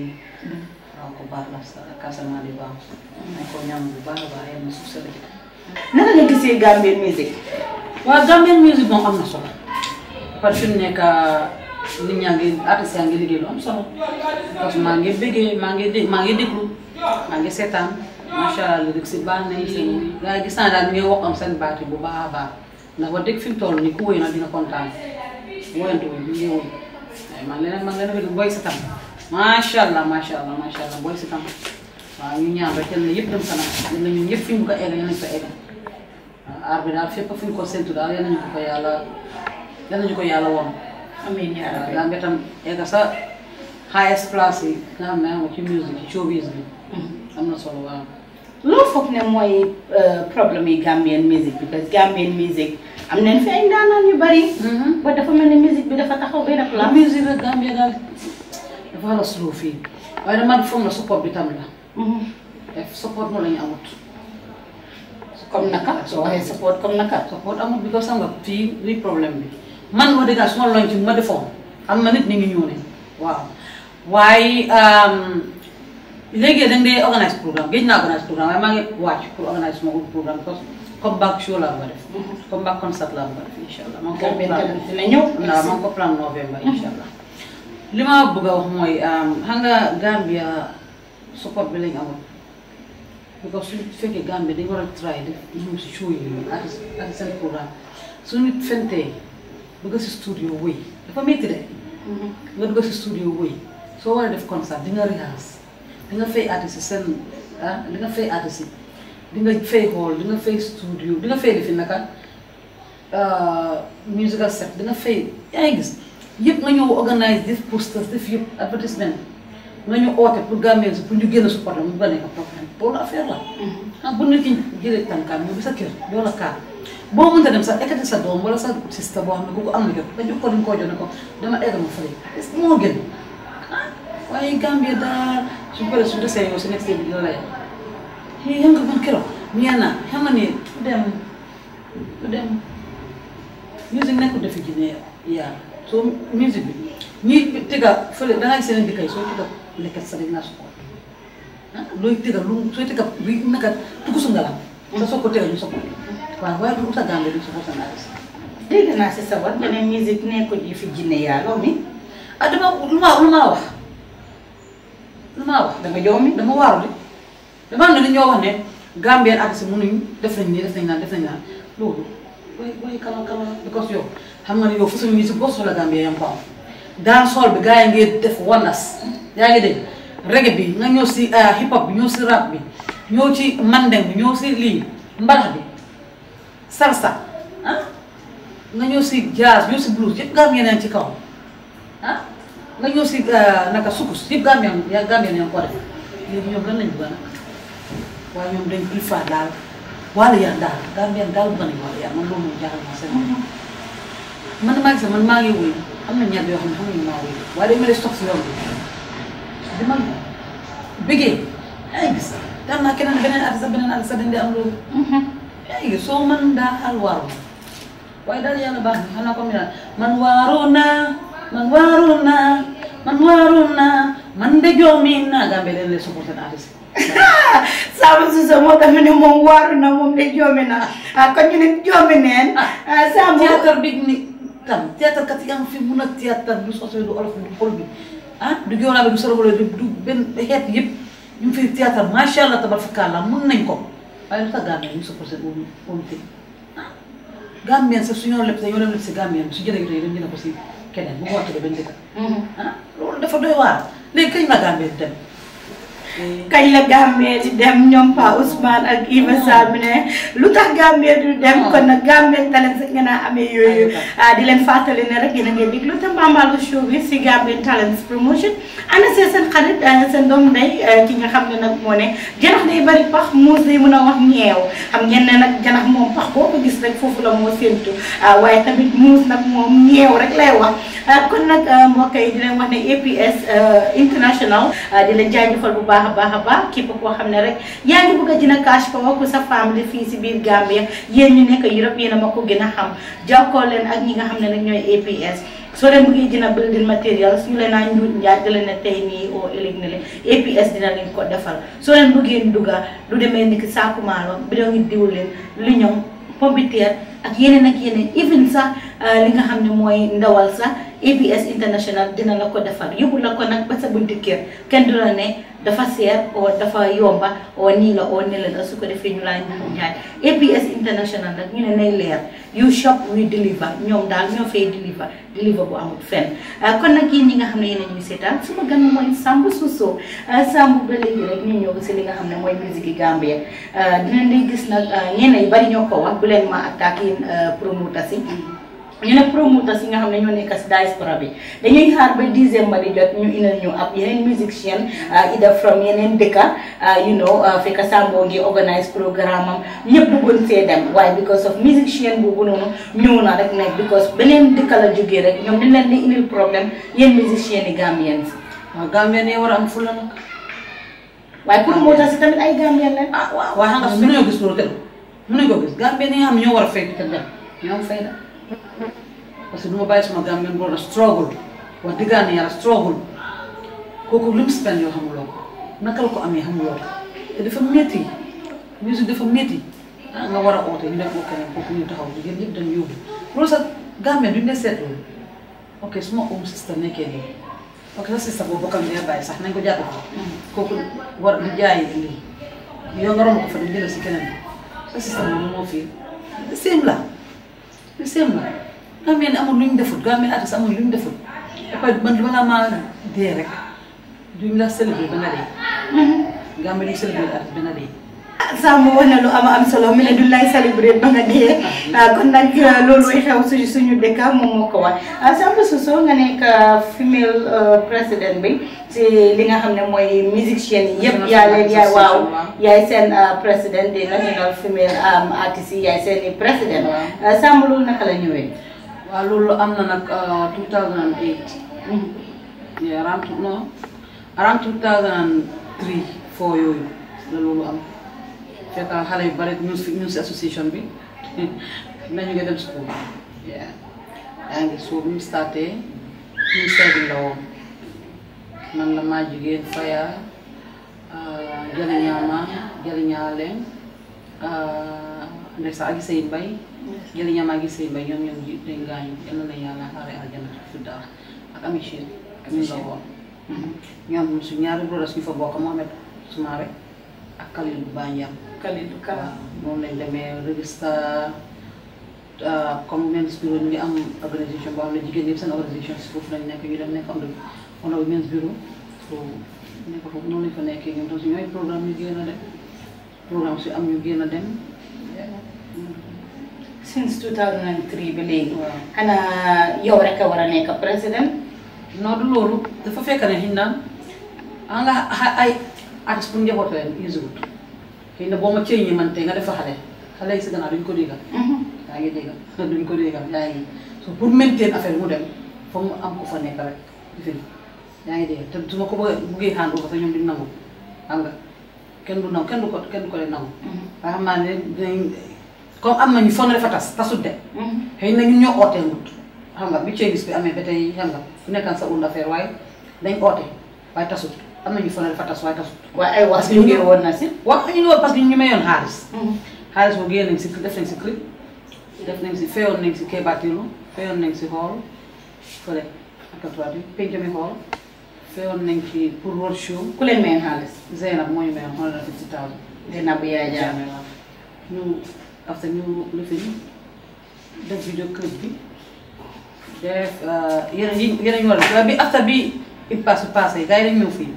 A: ko barlas casamance di baax may ko ñam bu baax baax yam su sëri naka nga gisee gambien musique music gambien musique moom am na solo parce que nekk nit ñaa ngi artiste yaa ngi liggéey lu am solo parce ngi bëggee maa ngi dé maa ngi déglu allah lirik yi baax nih sih. gaa yi ada naa daal am fi mu toll nii ku wéy na dina kontaan wóyante wu ñu ngi wóy macha allah macha allah macha allah booy si tam waaw ñu ñaan rek yal na yëpp dem kanam yal na ñun yëpp fi ñu ko eggal yal nañu ko eggal waaw aar bi daal fépp fu ñu ko séntu daal yal nañu ko ko yàlla yal nañu ko yàlla woon. amiin yaa rabbi daa nga tam eggal sa highest place yi nga xam ne am ci musique ci showbiz bi mm-hmm. am na solo waaw. loolu foog ne mooy euh, problème
B: yi Gambian music bi parce que Gambian music am nañ fi ay ndaanaan yu bari. Mm-hmm. ba dafa mel ne musique
A: bi dafa taxaw benn place. musique rek Gambia daal. dafa war fii waaye nag man foog na support bi tam la. Mhm. def support moo la ñu amut. comme naka soo waxee support comme naka. support amut bi ko sanga fii luy problème bi man wax dëgg yàlla su ma lonc ma defoon xam na nit ñi ngi ñëw ne waaw waaye um, léegi da ngay organise programme géej naa organise programme waaye maa ngi wàcc pour organise suma programme parce que comme back show laa ma def. Mhm. back concert laa ma def incha ko plan dina ñëw. li ma bëgg a wax mooy xam nga Gambia support bi lañ amoon because su fekkee Gambia dañ war a try def ñoom show yi ak ak seen programme su nit fentee bëgg si studio wëy dafa métti de mm-hmm. nga dugg si studio wëy soo war a def concert di nga rehearse di nga fay artiste seen ah di nga fay artiste di fay hall di nga fay studio di nga fay li fi naka ah, musical set di nga fay yaa yëpp nga ñëw organise this pour yëpp advertisement nga ñu oote pour Gambien si pour ñu génn supporté mu ba nekk problème loolu affaire la. Mm-hmm. ah bu nit ki jëlee tànkaam ñu bi sa kër yoo la kaar boo mënta dem sax ekkati sa doom wala sa sista boo xam ne ku ko am ko koo jot ne ko dama egg ma fële est-ce que moo gën ah waaye Gambie daal su paree su desee yow si nekk seen bi dina la yem. yéen yéen ko gën keroog naa xam ni ku dem ku dem musique nekkul dafa ji ne soo musique bi ñuy tëgga fële dangay seen dëkk yi soo tëgga lekkat sa dañ laa soxla ah looy tëgga lu sooy tëgga bi naka tukusu nga la te soo ko tëgga ñu soxla waaw waaye du sa gàmbe du soxla sa naalis dégg naa si sa wax nga ne musique nekkul yi fi mi ah dama lu ma lu ma wax lu ma wax dama jow mi dama waaru de dama am ne li ñoo wax ne Gambien ak si mënuñ def nañ nii def nañ naan def nañ naan loolu booy booy kama kama because yow xam nga ni yow façon musique boo soxla Gambie yaa ngi ko am dansol bi gars yi def wonas yaa ngi dégg reggae bi nga ñoo ci euh, hip hop bi ñëw si rap bi ñoo ci mandeng bi ñoo ci li mbalax bi salsa hein ah? nga ñoo ci jazz ñoo ci blues yëpp gam ngeen ci kaw hein ah? nga ñoo ci euh, naka sukus yëpp Gambie yaa Gambie yaa ko def léegi ñoo gën lañ ba nag waaye ñoom dañ plus fa dal wala ya dal gam ngeen dal nañ wàllu yar man loolu moom jaaxal ma seen man maag sa man maa ngi wuy am na ñaar yoo xam ne xamuñu maa si ay gis daan naa keneen beneen at sa beneen at sa dañ di am ay gis man daa xaal waaru waaye daal yàlla baax na xanaa comme naan man waaru naa man waaru naa man waaru naa man de joomi naa gambe leen tan théâtre kat yaa ngi fi mun a théâtre du sosee du olof du xol bi ah du joolaa bi du sorobale du benn xeet yëpp ñu fi théâtre macha allah tabarakalla mun nañ ko waaye lu tax gàmmee ñu supposé boobu boobu tëj ah gàmmeen sax su ñu leb sa yoo leb si gàmmeen su ko si keneen bu ko wàccee ba benn dëkk mm-hmm. ah loolu dafa doy waar léegi kañ la gàmmee dem
B: kañ la Gambie di dem ñoom Pa Ousmane ak Iva ah. Samine lu tax Gambie du dem ah. kon nag Gambian Talents sax ngeen naa amee yooyu ah, di leen fàttali ne rek yéen a si Gambian Talents promotion ana see seen xarit seen doom ki nga xam ne nag moo ne janax day bari pax muus day mën a wax ñeew xam ngeen ne nag janax moom pax boo ko gis rek foofu la moo séntu waaye tamit muus nag moom ñeew rek lay wax kon nag mbokk yi di leen wax ne APS international di leen jaajëfal bu baax baax a baax a baax képp koo xam ne rek yaa ngi bëgg a dina cash power ku sa famille fii si biir Gambia yéen ñu nekk Europe yéen a ma ko gën a xam jokkoo leen ak ñi nga xam ne nag ñooy APS soo leen bëggee dina building materials ñu leen naa njuut njaaj di leen ne tey nii oo ëllëg ne leen APS dina leen ko defal soo leen bëggee nduga lu demee ni ki saaku maalo bi doo ngi diwlin lu ñoom pompiteer ak yeneen ak yeneen even sax euh, li nga xam ne mooy ndawal sax ABS international dina la ko defar yóbbu la ko nag ba sa bunti kër kenn du la ne dafa seer oo dafa yomba oo nii la oo nii la la su ko defee ñu laa ñu jaay ABS international nag ñu ne nay leer daal ñoo fay deliver deliver bu amul fenn euh, kon nag yéen ñi nga xam ne yéen a ñuy seetaan su ma gën mooy Sambou Suso euh, Sambou ba léegi rek ñu ñëw li nga xam ne mooy gis nag ñeneen yu bari ñoo ko wax bu leen ma attaqué Lamin euh, promoters yi ñu ne promoters si nga xam ne ñoo nekk si diaspora bi dañuy xaar ba dixième ba di jot ñu indil ñu ab yeneen musician euh, ida from yeneen dëkka euh, you know fekk Samboo ngi organise programme am ñëpp bëggoon see dem waaye ñëw na rek nag because beneen dëkka la jógee rek ñoom dañ leen di indil problème yéen musician yi Gambien si waaw Gambien yi war a am fula nag
A: waaye promoters yi
B: tamit ay Gambien lañ ah
A: waaw waaw xam nga ah, suñu gis loolu mën nañu ko gis Gambien yi nga ñoo war a fay te dem ñoo am fayda parce que du ma bàyyi suma Gambien boo na struggle wax diggaan yàlla struggle kooku la ko amee xamuloo dafa métti musique dafa métti ah war a oote ñu def ko keneen kooku ñu taxaw ñu jël ñëpp dañu yóbbu loolu suma oom sister nekkee nii ok sa sister boobu bokkam sax nañ ko jàpp kooku war di jaay lii yow nga romb ko fa dem jëlee si keneen assistant moom moo fi same la lu same la Gambien ne amul lu ñu defut Gambien artiste amul lu ñu defut après man bala maa dee rek duñ la célébrer ba nga dee mm-hmm.
B: ah, lu am am solo mi ne du lay célébrer ba nga dee <laughs> ah, kon nag euh, loolu xew suñu suñu dëkk moom moo ko wax Samba Suso nga nekk euh, female euh, président bi ci li nga xam ne mooy musiciens yi yëpp yaa leen yaay waaw yaay seen euh, président national female um, artistes
A: yi yaay seen i président euh, Samba loolu naka la ñëwee waaw loolu am na nag 2008 euh, hmm. around non around 2003 foo yooyu la loolu am fekk xale yu bari ñu si association bi <laughs> nañu nga dem school yaa ngi soo bu ñu starté ñu seetlu man la maa jigéen Faya jëliñaama jëliñaa leen ndeysaan ak Sey Mbay jëliñaama ak Sey Mbay ñoom ñoom ji dañ gaañu yal na yàlla xaare aljana firdaws ak Ami Chine ak ñu la woon ñoom su ñaari brodas ñu fa bokk Mohamed Soumaré ak Khalilou Bandiam Khalilou Ka moom lañ demee registre comme men's bureau ñu am organisation boo xam ne jigéen ñëpp organisation si lañ nekk ñu dem am on a women's bureau so nekk foofu noonu lañ fa nekkee ñoom tam suñu ay programme ñu génn a dem programme su am ñu génn dem since 2003 ba léegi xanaa yow rek a war a nekk président non du loolu dafa fekk ne xëy na a ah nga ay artiste bu njaboot leen usiwut xëy na boo ma cëy ñi man tey nga def fa xale xale yi si gannaaw duñ ko déggal mhm. yaa ngi déggal <laughs> duñ ko déggal yaa ngi so pour maintenir affaire mu dem foog mu am fa nekk rek yaa ngi dégg te su ma ko bëggee xaar ko sax ñoom duñ nangu xam nga kenn du nangu kenn du ko kenn du ko leen nangu. Mm-hmm. waaye xam naa ne dinañ comme am na ñu ne dafa tas de. Mm-hmm. xëy na ñoo ootee xam nga bi ceebis bi amee ba tey xam nga fu nekkaan sa une affaire waaye dañ oote waaye tasut am nañu foog ne dafa tas waaye tasut. waaye ay wax ñu ngi woon na si. wax ñu ngi woon parce que ñu xaalis. Mm-hmm. xaalis boobu génn nañ si def nañ si clip def nañ si feeyoon nañ si kébaatilu feeyoon nañ si xool fële ak at bi penc mi xool. feewoon nañ fi pour workshop ku leen mayoon xaalis Zeynab moo ñu mayoon xool na fi ci taw bi. yaay jaame waaw ñu parce que ñu lifin def vidéo kër bi def yeneen yeneen war a bi afta bi it passe yi dañ ñëw fii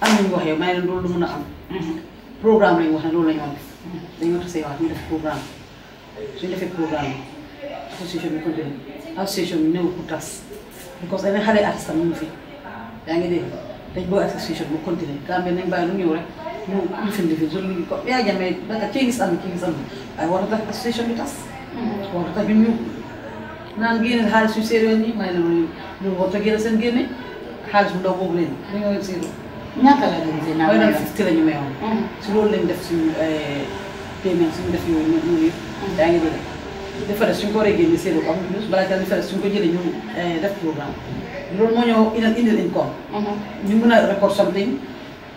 A: am nañu wax yow ma ne leen lu mën a am programme lañu wax ne loolu la ñu war a def dañu war a tasee wax ñu def programme suñu defee programme association bi continué association bi néew ku tas because ay xale artiste am fi yaa ngi dégg dañ boo association bu continué Gambie nañ bàyyi lu ñëw rek ñu ñu fi fi zone bi comme yaa jamee da nga cee gis am cee na association bi tas. war na ñu ñu naan génne xaalis yu séeréer ñi may na ñu war a génne seen génne xaalis bu ndaw boobu leen dañoo séeréer. ñaata la doon seen naaw la fifty la ñu mayoon. Mm-hmm. si loolu lañ def suñu eh, paiement suñu def yooyu ñun yëpp. Mm-hmm. yaa ngi dégg defaree suñ ko war a génne séeréer ko am balaa ñu eh, def programme. loolu moo ñëw indi indi nañ ko. Mhm. ñu mën a record something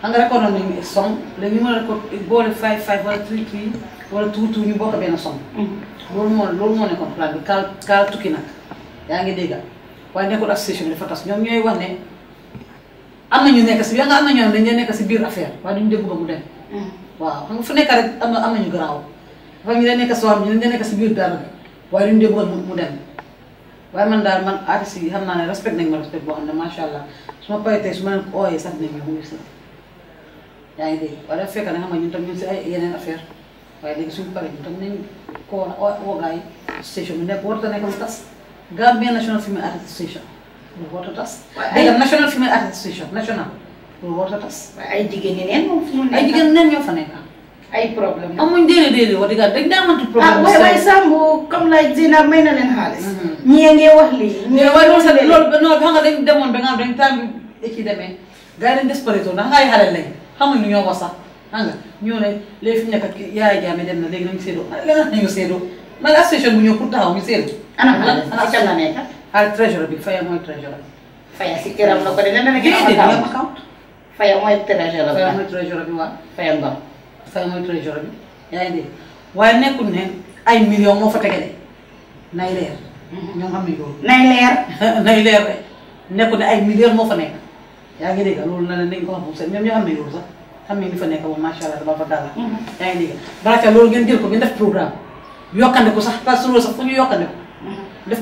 A: xam na record nañu song léegi ñu mën a record boole five five wala three three wala two two ñu bokk benn song. Mhm. loolu moo loolu moo nekkoon plan bi kaal kaal tukki nag yaa ngi dégg waaye nekkul ak station bi dafa ñoom ñooy wax ne am na ñu nekk si yaa am na ñoo xam nekk si biir affaire waaye duñu dégg ba mu dem. Mhm. waaw xam nga fu nekk rek am na am nañu garaaw dafa ñu lay nekk soo xam ñu ne nekk si biir dara waaye duñu dégg ba mu waaye man daal man artistes yi xam naa ne respect nañ ma respect boo xam ne macha allah su ma paree su ma leen ko ooyee sax nañ ma wuyu si yaa ngi dégg waaye dafa fekk ne xam nga ñun tam ñun si ay yeneen affaire waaye léegi suñu paree ñun tam nañ ko woon oo a nekk lu tas national female artist station lu warut a tas dégg national female artist station national lu warut a tas ay jigéen ñeneen moom fu mu nekk ay jigéen fa nekk ay problème amuñ déedéet déedéet wax dëgg yàlla dañ daa mënti problème. ah waay waay
B: Sambu comme laaj Zina may na leen xaalis. Mm-hmm. ñii a ngi wax lii.
A: ñii waay loolu sax loolu non xam nga dañ demoon ba nga xam dañ temps bi ci demee gars yi dañ desperate ndax ay xale lañ xamuñu ñoo ko sax xam nga ñoo ne léegi fi mu nekk yaay jaame dem na léegi nañu seetu ah lan nañu seetu man la station bu ñëw pour taxaw ñu seetu. anam anam ca la nekk. ah trésor bi Faya mooy trésor. Faya si këram la ko de nee na la gën a. déedéet Faya mooy trésor bi waaw Faya Ngom fay mooy trésor bi yaa ngi dégg waaye nekkul ne ay millions moo fa tege de nay leer. Mhm. ñoo xam ne nay leer. <laughs> nay leer ne ay millions moo fa nekk yaa ngi dégg loolu na ne dañ ko wax bu set ñoom ñoo xam loolu sax xam ne li fa nekk moom macha allah dafa fa dara. loolu ngeen jël ko ngeen def programme yokkande ko sax parce que loolu ñu yokkande ko. Mhm. def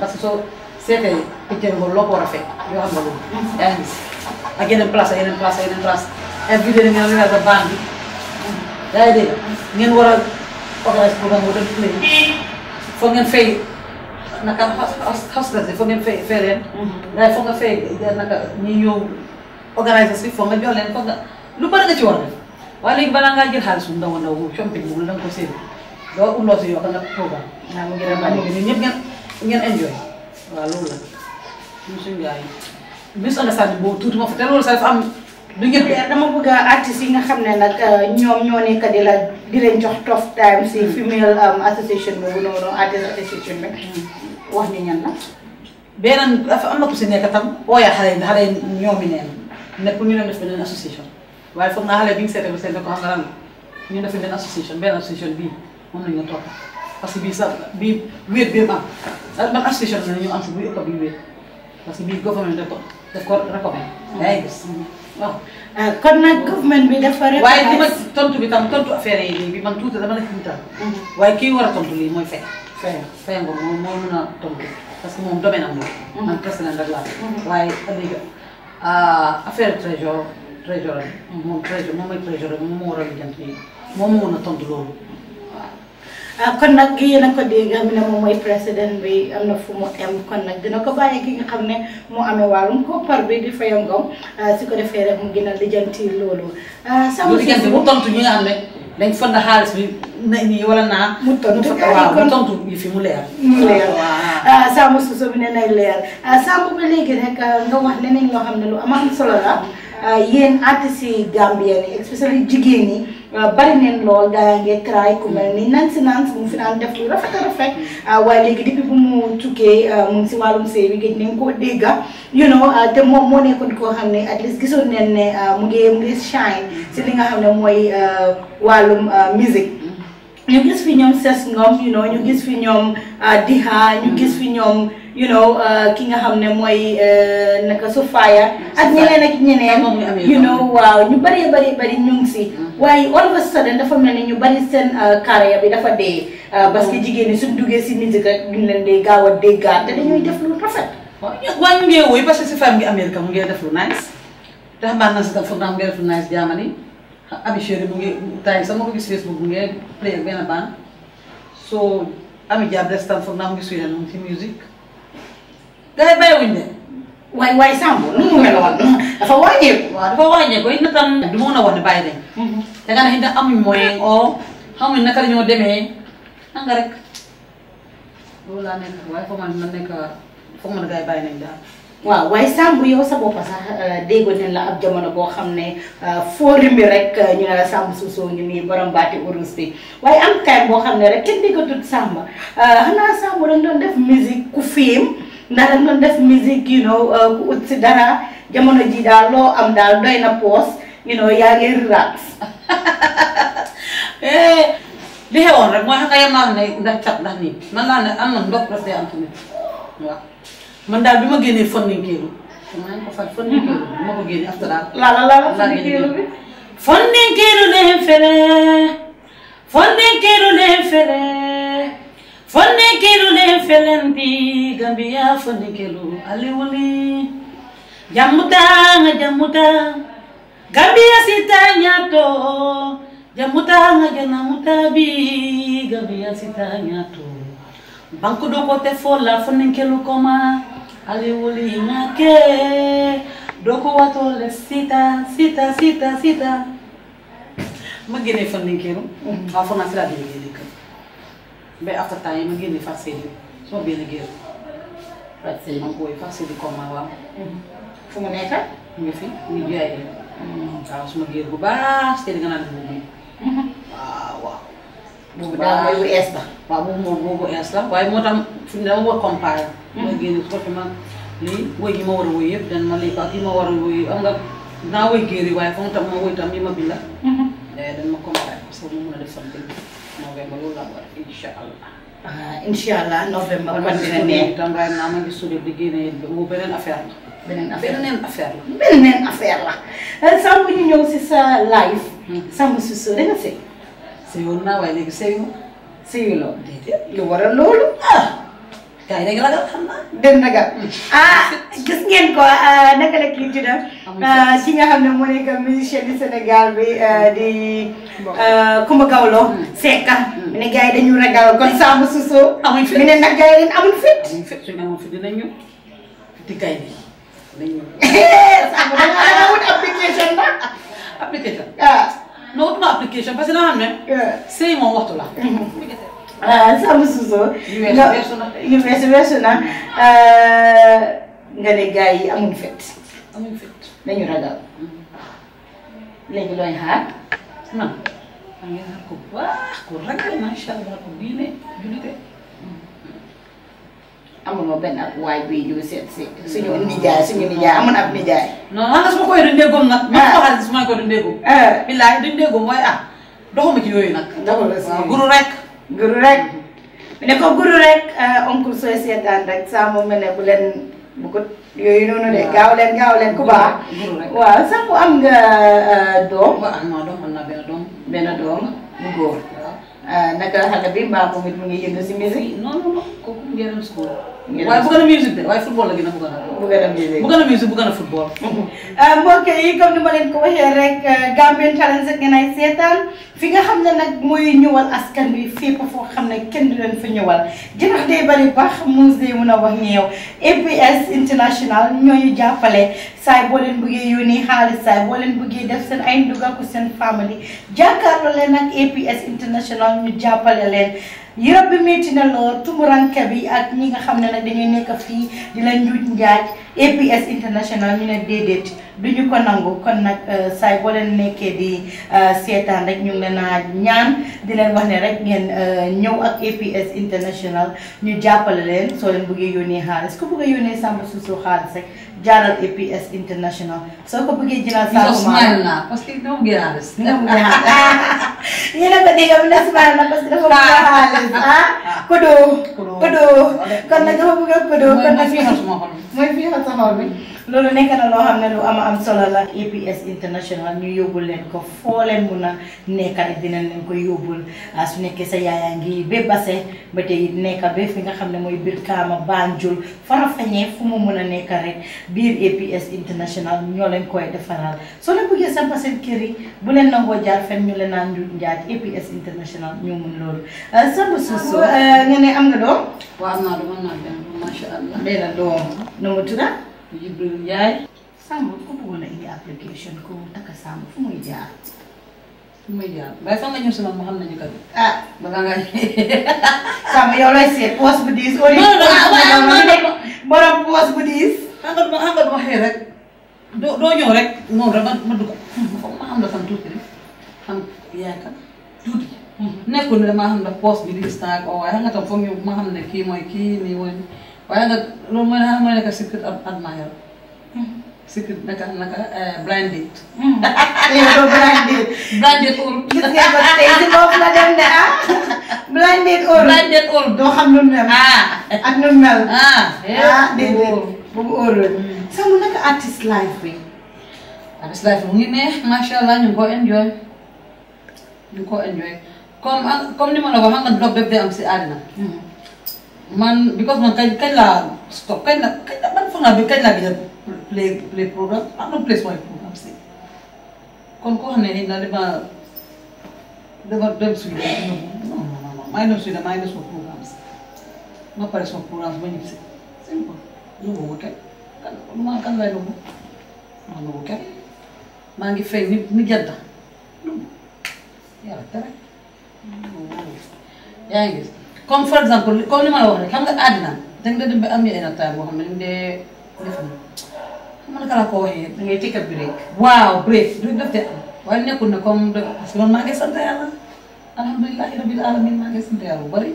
A: parce que soo seetee picc yi loo ko war a fekk yoo xam nga loolu. Mhm. yaa ngi gis place ak yeneen place ak yeneen place. invité na ngeen weer ba baax bi. yaa ngi dégg ngeen war a organiser programme boo def play foog ngeen fay naka xas xas ngeen fay fay leen. Mm-hmm. waaye foog nga fay naka ñi ñëw organiser si foog nga jox leen foog nga lu bëri nga ci war a def ngaa jël xaalis bu ndaw ndaw bu compagnie boobu la nga ko séeréer doo undoo si yoo xam ne programme. naa ko gërëm naa leen ngeen ngeen enjoy waaw loolu la. suñu gars yi misunderstanding boobu tuuti ma fa te loolu sax dafa du ñëpp
B: dama bëgg artistes yi nga xam ne nag euh, ñoom ñoo nekk di la di leen jox tough time
A: si hmm. female um, association bi hmm. wax ñu ñan la. beneen dafa am si nekk tam ooya xale yi xale yi ñoom yi neen nekkul ñu doon def beneen association waaye bi ñu association beneen association bii moom lañ la topp parce que bii sax bii wéet bi am daal ban association la ñu am si buy waaw
B: euh, kon nag government bi dafa. rek waaye li ma
A: bi tam tontu affaire yi léegi man tuuti dama la fi utal. waaye kii war a tontu lii mooy fay. fay fay moom parce que moom domaine am loolu. Mm-hmm. man président rek laa mm-hmm. waaye léegi ah, affaire trésor trésor moom trésor moom mooy trésor moom moom moo mën loolu.
B: Ah, kon nag yéen a ko dégg am na moom mooy président bi am na fu mu em kon nag dina ko bàyyi ki nga xam ne moo amee wàllum koppar bi di fayam ngom ah, su ko defee rek mu gën a
A: lijjanti loolu.
B: Ah, sama diggante bu tontu ñu nga xam ne
A: dañ fond bi na nii wala mu tontu waaw mu tontu yi fi mu leer. mu leer
B: waaw Sambou ne nga wax leneen loo xam ne lu am am solo la. Uh, yéen artistes yi Gambien yi especially jigéen ñi uh, bari neen lool gaa yaa ngi cry ku mel Nancy Nancy mu fi def lu rafet a rafet uh, waaye léegi depuis bu mu tukkee si wàllum sëy bi gëj nañ koo dégga you know te moo nekkoon koo xam ne at least gisoon neen ne mu ngi mu ngi shine si li nga xam ne mooy wàllum musique ñu gis fi ñoom ses ngoom you know ñu gis fi ñoom diha ñu gis fi ñoom you know uh, ki nga xam ne mooy uh, naka Sofia ak ñeneen ak ñeneen you know waaw ñu bari bari bari ñu si mm-hmm. waaye all of a sudden dafa mel ni ñu bari seen uh, carrière bi dafa dee mm-hmm. parce que jigéen ñi suñ duggee si nit rek duñ leen di gaaw a déggaat te dañuy def lu rafet
A: waaye ñu ngee woy parce que si femme bi Amérique mu ngee def lu nice te xamaa na si tam foog naa mu ngee def lu nice jaamani ngee play ak benn band Ami Dia des mu ngi suy na mu ci musique gars yi bàyyiwuñ ne waay waay Samb nu mu meloon dafa dafa wàññeeku it na tam. du ma mën a wax bàyyi nañ. da nga ne it amuñ moyen oo rek loolu laa nekk waaye foog ma na nekk
B: foog ma ne gars yi bàyyi nañ daal. waaw waaye Samb yow sa bopp sax euh, déggoon nañ la ab jamono boo xam ne euh, foo rimbi rek euh, ñu ne la Samb Suso ñu nii borom baati urus bi waaye am time boo xam ne rek kenn déggatul Samb xanaa Samb dañ doon def musique ku film. ndax dañ doon def musique you know uh, ku dara jamono ji daal loo am daal doy na poos you know yaa ngi relax <laughs>
A: eh, li xewoon rek mooy xam nga yem naa ne ndax cat ndax nii man naa ne am na ndox daf day am man daal bi ma génnee fanninkeeru maa ngi ko fay fanninkeeru <laughs> bi ma ko daal lala lala ne fere fanninkeeru fonnikelu le felendi gambia fonnikelu aliwuli jamuta nga jamuta gambia sitanya to jamuta nga jamuta bi gambia sitanya to banku do te fola kelo koma aliwuli ngake doko wato le sita sita sita sita magene kelo mhm. afona sira bi mbay after temps yi ma génne fas yi suma benn géer fas fas yi comme waaw fu mu nekk mu ngi fi mu ngi jaay waaw suma géer bu baax te di nga naan boobu waaw waaw boobu daal mooy bu ees la waaw boobu moom boobu ees la waaye moo mu dama war comparé ma hmm. génne su ko ma lii woy gi ma war a woy yëpp dan ma lii ak yi ma war woy am nga naa woy géer yi tam ma woy tam yi ma binda hmm. eh, dan ma comparé parce mu mun a something November loolu laa war incha allah. Ah, incha allah november. kon dina neex tam waaye naa ma ngi suñu bi génnee bu beneen la. beneen affaire la beneen affaire la. beneen affaire la eh, sàmm ñu ñëw si sa live. sàmm si sa danga sëy. sëyoon naa waaye léegi sëyu.
B: sëyu loolu ah. kay rek ragal xam naa. dégg nga ah gis ngeen ko naka la kii di si nga xam ne moo nekk musicien du Sénégal bi di. Coumba Gawlo Seck. mu ne gars yi dañu ragal kon Samba Suso. mu ne nag yi
A: dañu amul fit. amuñ wut application ba. application ah. application parce que da xam ne. sëy moom waxtu la.
B: Sambou ah, Suso.
A: yu weesu na yu
B: weesu na nga ne gars yi amuñu fet. amuñu fet dañu ragal. Mm-hmm. léegi looy xaar non. da ngay xaar ko baax ko ragal macha
A: allah ko diine jullite. Mm-hmm.
B: amuloo benn ab waay buy ñëw seet si suñu nijaay suñu nijaay amoon ab nijaay.
A: non man nag su ma koy dundee góom nag. man ko xam ne su ma koy dundee góom. Ah. bilaay dundee góom mooy ah doxuma ci yooyu nag. doxuma ci yooyu waaw guru rek. guru rek mu ne ko guru rek
B: eh, oncle sooy seetaan rek saa moom mel ne bu leen bugut yooyu noonu de gaaw leen gaaw leen ku baax waaw sax ku am nga eh, doom non doom am doom benn doom bu góor eh, bi mbaa moom mu ngi yëngu si musique
A: non non waaye bëgg na musique de waaye football la gën a bëgg na. bëgg na musique bëgg na musique bëgg na football. <laughs>
B: Euh, mbokk yi comme ni ma leen ko waxee rek euh, Gambian Talents ngeen ay seetaan fi nga xam ne nag mooy ñëwal askan bi fépp foo xam ne kenn du leen fa ñëwal jërëjëf day bari baax mu day mun a wax ñu yow APS international ñooñu jàppale saay boo leen bëggee yónnee xaalis saay boo leen bëggee def seen ay ndugal ko seen famille jàkkaarloo leen ak APS international ñu jàppale leen. yërëb bi métti na lool tumuranke bi ak ñi nga xam ne nag dañuy nekk fii di la njuuj njaaj APS international ñu ne déedéet du ñu ko nangu kon nag euh, saay boo leen nekkee di euh, seetaan rek ñu ngi leen a ñaan di leen wax ne rek ngeen euh, ñëw ak APS international ñu jàppale leen soo leen buggee yónnee xaalis ku bëgg a yónnee Samba Suso xaalis rek. jaaral APS international So aku pergi jalan sama. ko maa parce que ñoom gën
A: a des. ñoom lah, a kami ñu
B: ne Smile na parce que dafa bëgg a xaalis ah. kodo kodo kon nag dafa bëgg a kodo kon nag mooy fii ama am solo APS international New York leen ko fallen leen mun a nekk rek dinañ kau ko yóbbul su nekkee sa yaayaa ngi ba base ba tey fi nga Banjul Farafanya fu mu mun biir APS international ñoo la koy defaraal soo leen bëggee sampa seen kër yi bu leen nangoo jaar fenn ñu leen naan njuuj njaaj APS international ñoo mun loolu euh, Samba Suso ah, euh, nga ne am nga doom waaw am naa doom am naa doom masha allah benn doom nu mu tudda Jibril Njaay Samba ku bëggoon a indi application ko takka Samba fu muy jaar
A: muy jaar waaye fan la ñu si moom xam nañu kat. ah balaa ngaa Samba yow lay seet poos bu diis. non non non ah, borom poos bu diis. xam a du ma xam doo doo ñëw rek ma ma dugg ma xam fan tuuti rek xam yaay kan tuuti. nekkul ne damaa xam ne bi di gis naa ko waaye xam tam foog ñu ma xam ne kii mooy kii nii mooy waaye nga loolu mooy xam mooy nekk secret admirer. secret naka naka eh, blind date.
B: <laughs> yow doo
A: blind date. blind date
B: óol. gis ngeen boobu óoloo mm.
A: sax mu nekk artiste life bi eh? artiste life mu ngi neex macha allah ñu ngi ko enjoy ñu ngi enjoy comme comme ni ma la ko xam nga dog bépp day am si àddina mm. man because man kañ kañ laa stop kañ la kañ la man foog naa bi kañ laa gis play play programme am na place mooy programme eh? kon koo xam ne nii daal dama dama dem suy dem non non non maa ngi dem suy dem maa ngi dem sama programme si ma pare simple nunguute kan man kan lay nungu ma nungu kenn maa ngi feeñ ni ni jant nungu yàlla tere yaa ngi gis comme par exemple comme li ma la wax rek xam nga àddina da nga dem ba am ñu ay nattaay boo xam ne dee def na xam nga naka ko waxee da ngay tekkat bi rek waaw break du def te am waaye nekkul ne comme parce que man maa ngi sant yàlla alhamdulilahi rabil alamin maa ngi sant yàlla bu bëri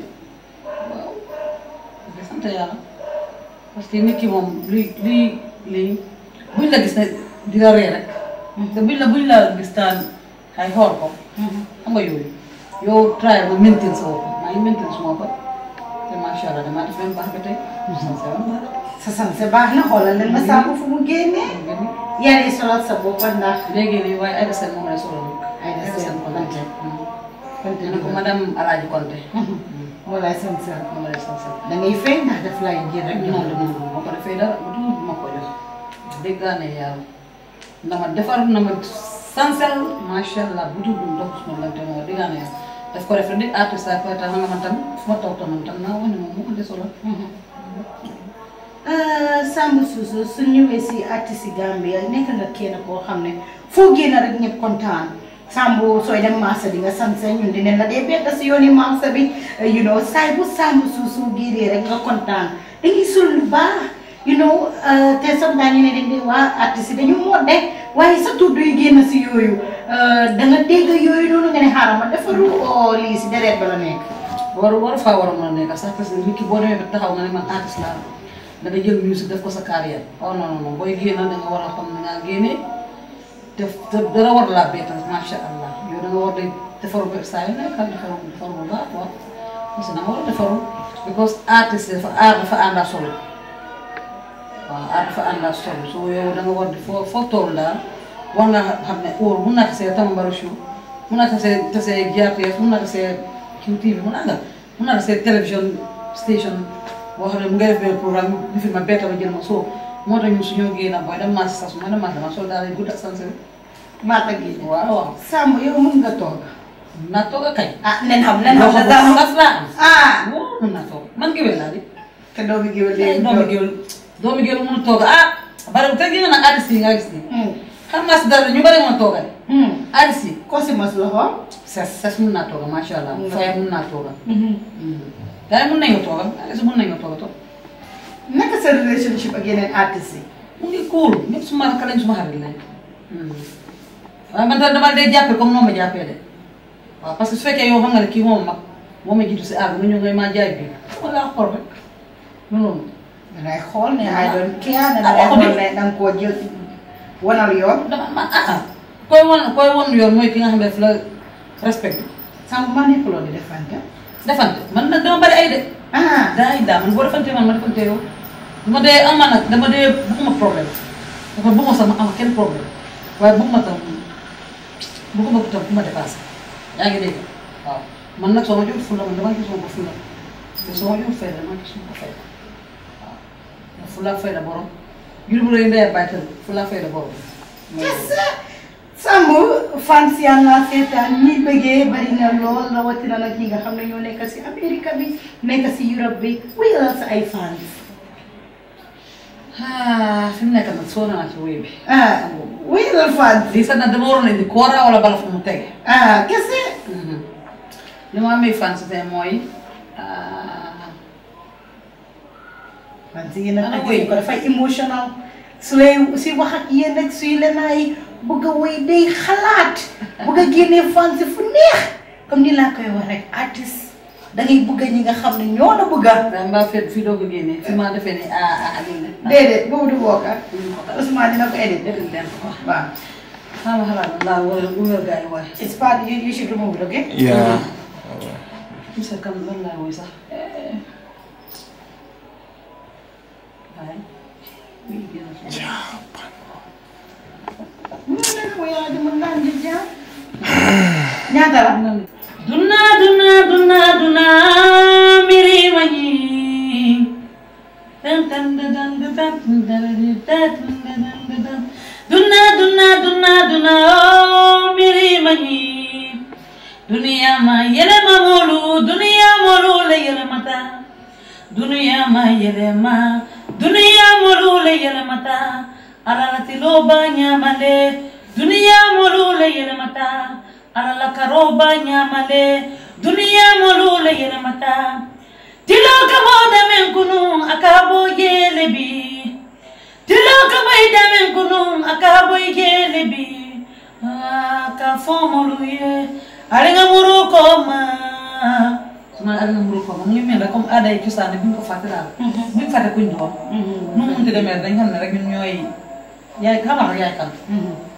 A: waaw maa ngi sant yàlla parce que nit ki moom luy luy lii buñ la gis ne dina ree rek. Mm-hmm. te buñ la buñ la gis naan ay ko. Mm-hmm. xam nga yooyu yow traité ma maintain sa bopp maa ngi maintain suma bopp te macha allah damaa def même baax ba tey. Mm-hmm. sa sanse baax na xoolal leen ma saabu
B: fu mu génnee.
A: yaa ngi solal sa bopp ndax. léegi nii waaye ay desal moom lay solal. ay desal moom lay solal. kon dina ko madame Alaaji Konte. moo laay sant sant moo laay sant sant da ngay fay ndax daf laay jël rek. ma ko defee dara du ma ko jox. dégg naa ne yàlla na ma defar na ma sansal macha allah bu dul ndox su ma lante moo dégg naa ne yàlla man tam fu taw tam man tam naa moom moo ko desola. Euh,
B: Samba Suso su ñëwee si artiste Gambia nekk nga kenn koo xam ne foo génn rek ñëpp kontaan. sambu soidang masa dinga ñun yundi nella dé be tas yoni masa bi eh, you know saibu sambu susu giri rek nga kontan dingi sul ba you know eh, té sam dani né dingi wa artiste dañu modde waye sa tuddu yi genn ci
A: yoyu eh, da nga dégg yoyu nonu nga ne harama lu o li ci deret bala nek war war fa war na nek sax parce que ki bo demé ba taxaw nga man artiste la da nga jël musique def ko sa carrière oh non non boy genn da nga wara xam nga génné te te dara war laa béykat macha allah yow da war di defaru because artiste dafa aar dafa ànd ak solo waaw aar dafa ànd ak solo so yow da war di foo foo toll daal war nga xam ne óor mun naa tasee tambaru chou mun naa tasee tasee GRTS mun naa tasee QTV mun naa nga mun naa tasee station boo xam mu ngi def programme bi fi ma bett ba jël ma moo tax ñu suñu génn booy dem marché sax ma ma sol daal di gudd ak sant maa tëggee waaw waaw. Samb yow mën nga toog. a kañ. ah nen xam nen xam ne Samb gas laa am. ah waaw mën naa toog man géwél laa di. te doomi géwél léegi eh, doomi géwél doomi géwél mënul toog ah. bari te génn nag artiste yi nga gis nii. Hmm. xam naa si dara ñu bari ma toogal. Hmm. artiste yi. ko si mas loxo. ses ses mën naa toogal macha naka sa relationship ak yeneen artistes yi. mu ngi cool ñëpp su ma lañ su ma xarit lañ. waaye man dama day jàppee comme noonu ma jàppee de waaw parce que su fekkee yow xam nga ne kii moom mag boo ma jiitu si aar bi nga ñëw ngay maa jaay bii xool laa xool rek noonu.
B: dangay xool ne ay don't care ne dangay xool ne danga
A: koo jël wanal yoon. dama ma ah koy wan koy wan yoon mooy ki nga xam ne daf la respecté. sànq maa nekkuloo di defante. defante man nag dama bari ay de. ah daay ay daa man boo defante man ma defante yow. bu ma dee am ma nag dama dee bëgguma problème dafa bëgguma sax ma am kenn problème waaye bëgguma tam bëgguma ko tam bu ma dépassé yaa ngi dégg waaw man nag soo ma joxul fulla man ma ko soo ma joxul fayda dama ma ko fayda waaw ndax fulla fayda borom jur bu rëy ndeyal bàyyi tëdd fulla fayda borom. Samb
B: fans yaa nga seetaan ñi bëggee bari na lool rawatina nag ñi nga xam ne ñoo nekk si Amérique bi nekk si Europe bi wéyalal sa ay
A: fans. فهمنا كانت صورة كويبي اه وين الفضل دي سنة دمورنا دي كورة ولا بلا في متاجة اه كسي نوع مي فانسة زي موي فانسة ينا قديم كورة فاي
B: emotional سلي سي وحق ينك سي لناي بوغا وي دي خلات بوغا جيني فانسة فنيخ كم دي لا كوي ورك artist da ngay bëgg ñi nga xam ne ñoo la bëgg a. daa mbaa fii doog a fi ma defé ne ah ah lii ah, la. déedéet boobu du bokk ah. Ousmane dina ko edit. dëgg la waaw. How hard
A: now will we guy why? It's part you you should remove it, okay? Yeah. You said come on now, is Nyata lah. दुना दुना दुना मेरे वही
C: दुना दुना दुना दुना मेरे
A: वही दुनिया मा येरे मोलू दुनिया मोलू ले येरे मता दुनिया मा येरे मा दुनिया मोलू ले येरे मता अलालती लो बान्या मले
B: दुनिया मोलू ले येरे
A: मता alala karoba ñamale duniya molula yenamata tiloka mo damen kunu akabo yele bi tiloka moy damen kunu akabo yele bi ka fomolu ye
B: alinga muru koma
A: suma alinga muru koma mu ngi mel rek comme aada yi cosaan bi ñu ko fàtte daal bu mu munti demee dañ xam ne rek ñun ñooy yaay xam nga kan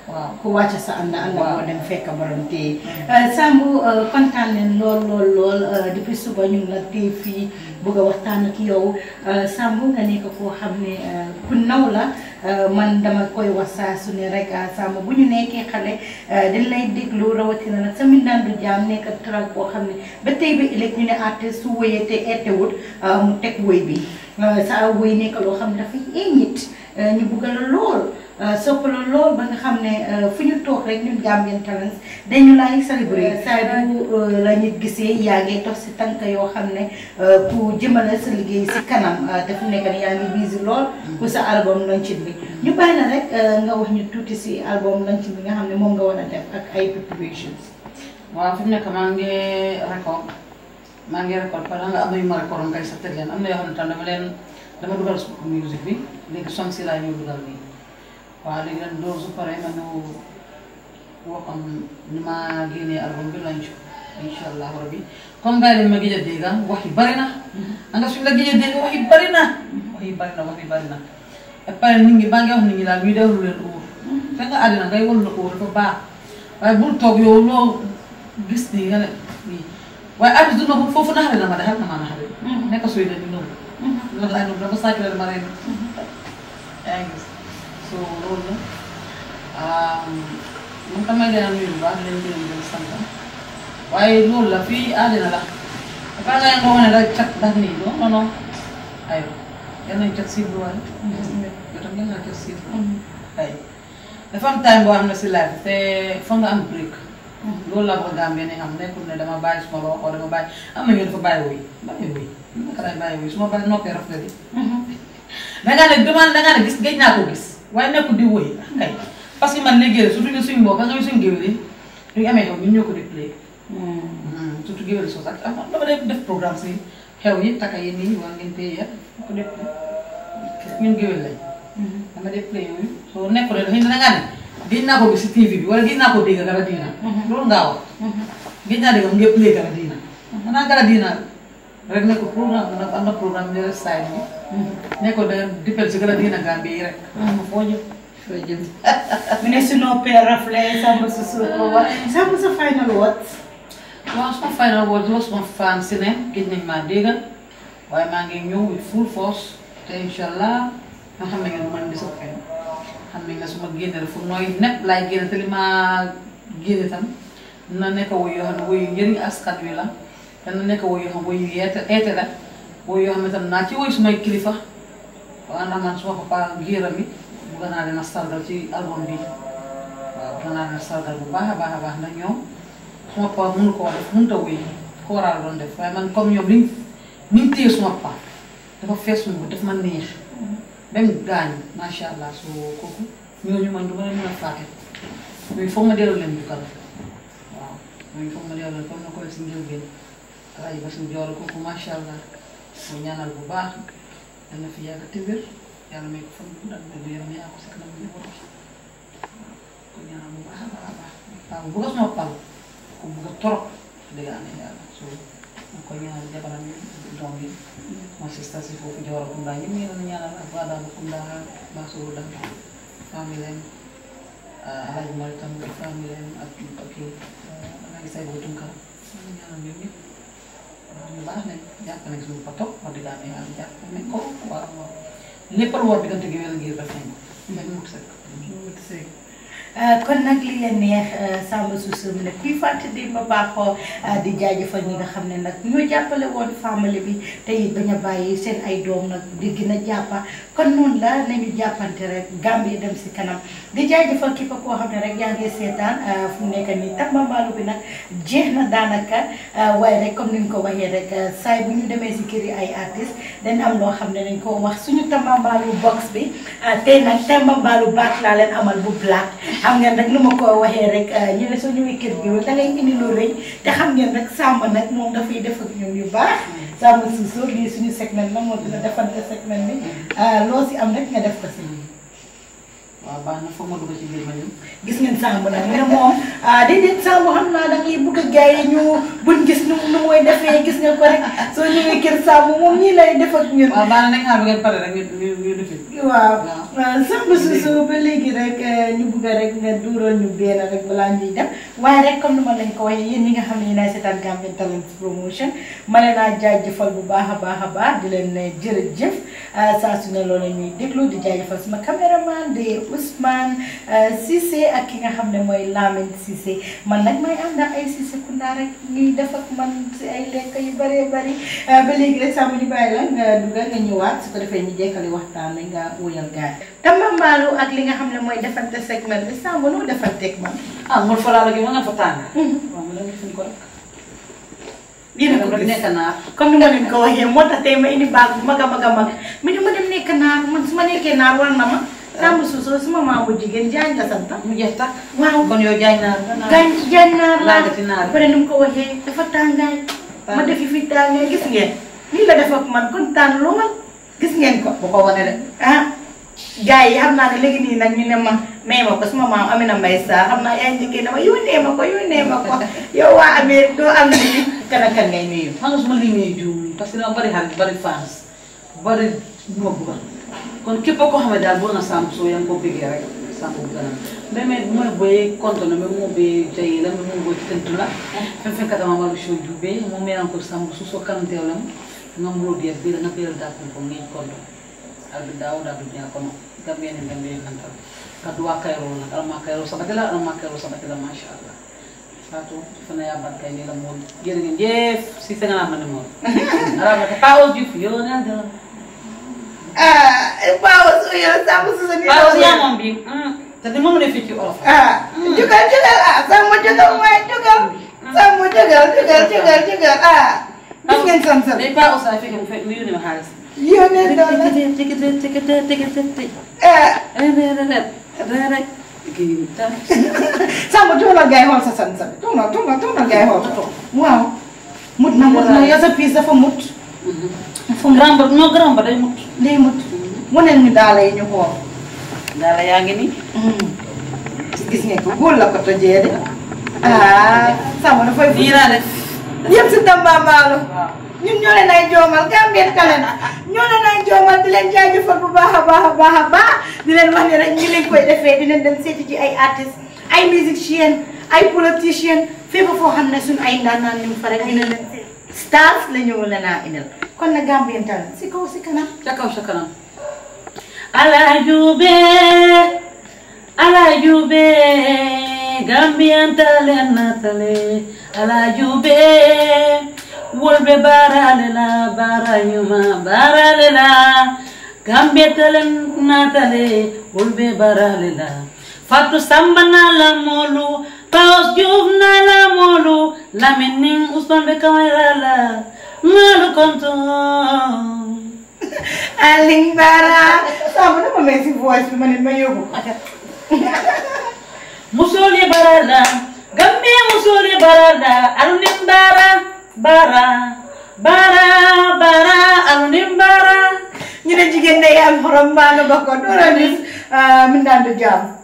A: waaw ku wàcc sa ànd
B: ànd moo dem fekk borom téye euh, Sambou euh, kontaan nañ lool lool lool euh, depuis suba ñu la téye fii bëgg a waxtaan ak yow Sambou nga nekk koo xam ne ku naw la man dama koy wax saa su ne rek Sambou bu ñu nekkee xale dañ lay déglu rawatina nag sa mbindaan du jaam nekk xam ne ba tey ba ëllëg ñu ne artiste su wéyee te ettewut mu teg wéy bi sa wéy nekk loo xam ne dafa yee nit ñu la lool Euh, sopp la lool ba nga xam ne euh, fu ñu toog rek ñun Gambian Talents dañu laay célébrer saa bu euh, la ñu gisee yaa ngi dox si tànk yoo xam ne pour jëmale sa liggéey si kanam dafa nekk yaa ngi busy lool pour sa album launching bi ñu bàyyi na rek nga wax ñu tuuti si album launching bi nga xam ne moom nga war a
A: def ak ay preparations. waaw fi nekk maa ngi record maa ngi record parce que am na yu record kay sax tëj am na yoo xam ne tam dama leen dama dugal musique waaw léegi nag loolu su paree ma ñëw waxoon ni ma génnee album allah rabi comme gars yi ma gëj a dégg wax yi na. anga suñ la gëj a dégg wax yi bari na. wax yi bari na wax yi bari na. et pare nit ngi wax nit ñi daal lu leen uur. fekk nga àddina ngay wëllu uur dafa baax waaye bul toog yow loo gis nii nga ne na foofu naxare na ma de xam na maa naxare. nekk suy de ñu nëbb. loolu laa nëbb dafa so loolu moom tamit dina nuyu bu baax di leen gërëm di leen sant waaye loolu la fii àddina la dafa nga leen ko wane daal cat ndax nii non non non aywa yal nañu cat siif lu waay. yow tam yal naa cat siif lu waay. dafa am time boo xam ne si life te fa nga am break. loolu laa ko Gambie ne xam nekkul ne dama bàyyi suma ba waxoo dama bàyyi am na ñoo dafa bàyyi wuy bàyyi wuy lu ma ko daay bàyyi wuy su ma bàyyi noppee rafet bi.
C: da ngaa ne demande
A: da ngaa ne gis géej naa ko gis. waaye nekkul di woy kay parce que man léegi surtout ñun suñu mbokk ak ñoom suñu géwél yi duñu amee ñoom ñun ñoo ko di play. Hmm. Hmm, surtout géwél sos ak am ah dama def def programme si xew yi takka yi nii waa ngeen pay yàq ko def ñun géwél lañ. Hmm. dama def play yooyu soo nekkulee dafa ñu dangaa ne. gis naa ko bi si TV bi wala gis naa ko dégg gara diina. loolu ngaa wax. gis naa dégg mu ngi play gara diina. xanaa gara diina rek ne ko programme nag am na programme ñu def side bi ne ko da dippel si gën a diina Gambie yi rek jëm foo jëm ne père su sa final word waaw suma final word loo suma fan si ne gis nañ maa déggal waaye maa ngi full force te inshallah nga xam ne ngeen di sa fen xam nga suma génne fu nooy nepp laay génne te li tam na wuyu wuyu wi la dana nekk woy yoo xam woy yu yeete eete la woy yoo xam ne naa ci woy sumay kilifa waaw ndax man suma papa Géera mi bëgg naa leen a sargal ci album bi waaw bëgg naa leen a sargal bu baax a baax a baax ndax ñoom suma papa mënu ko wax def mënut a woy kooraal def man ma neex kooku ñooñu man du ma leen mën a fàtte ñooñu foog ma delloo leen jukkal waaw ñooñu foog ma delloo leen comme na ko si njëlbeen alhaji Bass Ndiol kooku macha allah mu ñaanal bu baax yal na fi yàgg dan wér yàlla may ko fan bu ndax apa yaram yaa ko si kanam bi ko ko ñaanal bu baax bu so ma koy ñaanal jabaram yi doom yi ma sista si foofu jawar kumba ñi mu ñaanal ñaanal ak waa daama aku pakai eh, eh, soo saya famille leen alhaji Mari tam ñu baax nañ jàpp nañ suñu fa toog o dëgg yàlla jàpp nañ ko wala lépp lu war diggante gi wér ngir def nañ ko. Eh, kon nag li leen neex
B: eh, Samba Suisse mu ne kuy fàtte di ma baaxoo eh, di jaajëfal ñi nga xam ne nag ñoo jàppale woon famille bi tey it bañ a bàyyi seen ay doom nag di gën a kon noonu la nañu jàppante rek Gambie dem si kanam di jaajëfal képp koo xam ne rek yaa ngi seetaan fu mu nekk nii Tambambalu bi nag jeex na daanaka waaye rek comme ni ñu ko waxee rek saay bu ñu demee si kër yi ay artistes dañ am loo xam ne dañ koo wax suñu Tambambalu box bi tey nag Tambambalu baat laa leen amal bu black xam ngeen rek nu ma ko waxee rek euh, ñu ne suñu wikkit bi da ngay indi lu rëy te xam ngeen rek Samba nag moom dafay def ak ñun yu baax. Samba Suso lii suñu segment la moo dina defante segment bi euh, loo si am rek nga def ko si. waaw baax na foog ma dugg ci biir ma ñëw gis ngeen ah déedéet Samb xam naa da ngay bëgg a gars yi ñu buñ gis nu nu mooy defee gis nga ko rek soo ñëwee kër Samb moom ñii lay def ak ñun. waaw baax na nag xaar bu ngeen
A: pare rek ñu ñu
B: defi. waaw Samb Suso ba léegi eh, Promotion ma leen a jaajëfal bu baax a baax a baax di leen jërëjëf ah, saa su ne loolu la ñuy déglu di Ousmane eh, Cissé ak ki nga xam moy Lamine Cissé man nak may ànd ak ay Cissé na rek def ak man ci ay lekk yu bëree bëri eh, ba léegi rek sàmm ñu bay la nga dugga nga ñëwaat su ko defé ñi jekkali waxtaan la nga wuyal gaay malu ak li nga moy defante segment bi sàmm noo defanteeg man.
A: ah man fa la la mo nga fa tànn. Mhm. waaw man la nga fi ko rek. lii nag man nekk
B: naar ini ni maga maga maga. waxee moo tax tey ma indi baag Samb suuf soo su ma maamu jigéen jaañ la sant. mu jeex tax waaw kon yow jaañ naar la. gaañ jaañ naar la laagati naar la. ni mu ko waxee dafa tàngaay. ma defi fi tàngaay gis ngeen. ni la def ak man kontaan lu ma gis ngeen ko. bu ko wane de ah. gars yi xam naa ne léegi nii nag ñu ne ma may ma ko suma maam Amina Mbaye Sarr xam naa yaa ngi ne ma yónnee ma ko yónnee ma ko
A: <laughs> yow waa Amérique doo am lii. kan ak kan ngay nuyu. xam nga su ma limee juum parce que dama bari xarit bari fans bari ma bëgg kon képp ko xam ne daal boo na sanso yaa ngi ko bëggee rek sanko gana mais mais mooy boy kontono mais moo be jayila mais moo boy tentula fen ma katama malu du dubé mo mé encore sanko suso kantelam ngam lo dia bi na pel da ko ko ngi konto albi daw da ko no ka dunya kono gambe ne ka kantal kadu wakairo na al makairo sabatila al la ma sha Allah Satu, fana ya barkay ni la mo jere ngeen jef ci sanga na man mo ara ba taawul ju yo na dela waaw yow sàmm si sa biir. waaw si yaa moom bi. te ni moom la fi ci olof.
B: ah jugal jugal ah sàmm jugal waaye jugal. sàmm jugal jugal jugal jugal ah. gis ngeen sam sam. mais pas aussi
A: fekk mu yónni ma xaalis. yónnee doon na tëgg tëgg tëgg tëgg tëgg tëgg tëgg. sàmm tuumal
B: gay xool sa sam sam tuumal tuumal tuumal gay xool. waaw mut na mut na yow sa piis dafa mut. fu mu ràmba ñoo ràmba day mut day mut waneen ñu daala yi ñu xool
A: daala yaa ngi nii hmm. gis nga ko góor la ko tojee de
B: ah sama dafay fii laa def yëpp si Tambambalu ñun ñoo leen ay joomal Gambian Talents ñoo leen ay joomal di leen jaajëfal bu baax a baax a ba a baax di leen wax ne rek ñi leen koy defee di leen dem seeti ci ay artistes ay musiciens ay politiciens fépp foo xam ne suñu ay ndaanaan ñu fa rek di leen stars la ñëw la naa indil kon na Gambian Talents si kaw si kanam
A: ca kaw sa kanam ala jube
B: ala jube
A: Gambian Talents na la baara ñuma la Gambian Talents na tale wolbe la fatu samba na la moolu Paus jufna la mulu <laughs> <laughs> la minin usman be kamerala
B: malu kontong Aling Bara sama nama Messi voice menit mayobu Musoli barada gambe musoli barada alunim bara bara bara bara alunim bara ñu ne jigéen day am xorom mbaa nga bokkoon doo la gis mi naan du jaam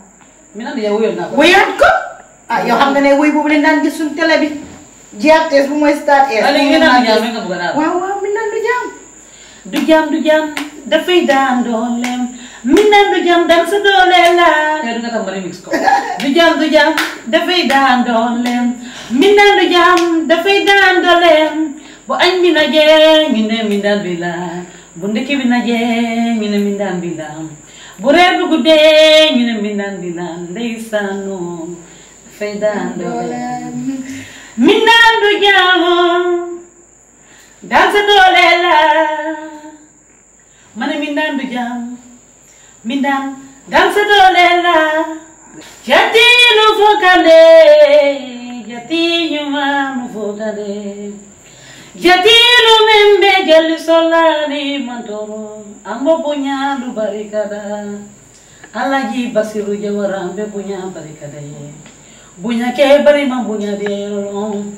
A: mi naan yow wéyoon naa
B: ko ah yow xam nga ne wuy boobu lañ daan gis suñu télé bi. GRTS bu mooy Star S. waaw léegi a naan waaw waaw mi naan du jaam. du jaam du jaam du jaam <laughs> du
A: nga du jaam du jaam bu añ bi na jee ñu ne mi naan bi laal bu ndekki bi na jee ñu ne mi naan bi laal bu reer guddee ñu ne mi naan bi laal ndeysaan Fedandole. Minando yamo.
B: Danza dolela.
A: Mane minando yam. Mindan. Danza dolela. Yati no vocale. yati nyuma no vocale. yati no membe jali solani mantoro. Ambo punya lu barikada. Alaji basiru jawara ambe punya barikada bunya ke bari ma bunya de lolong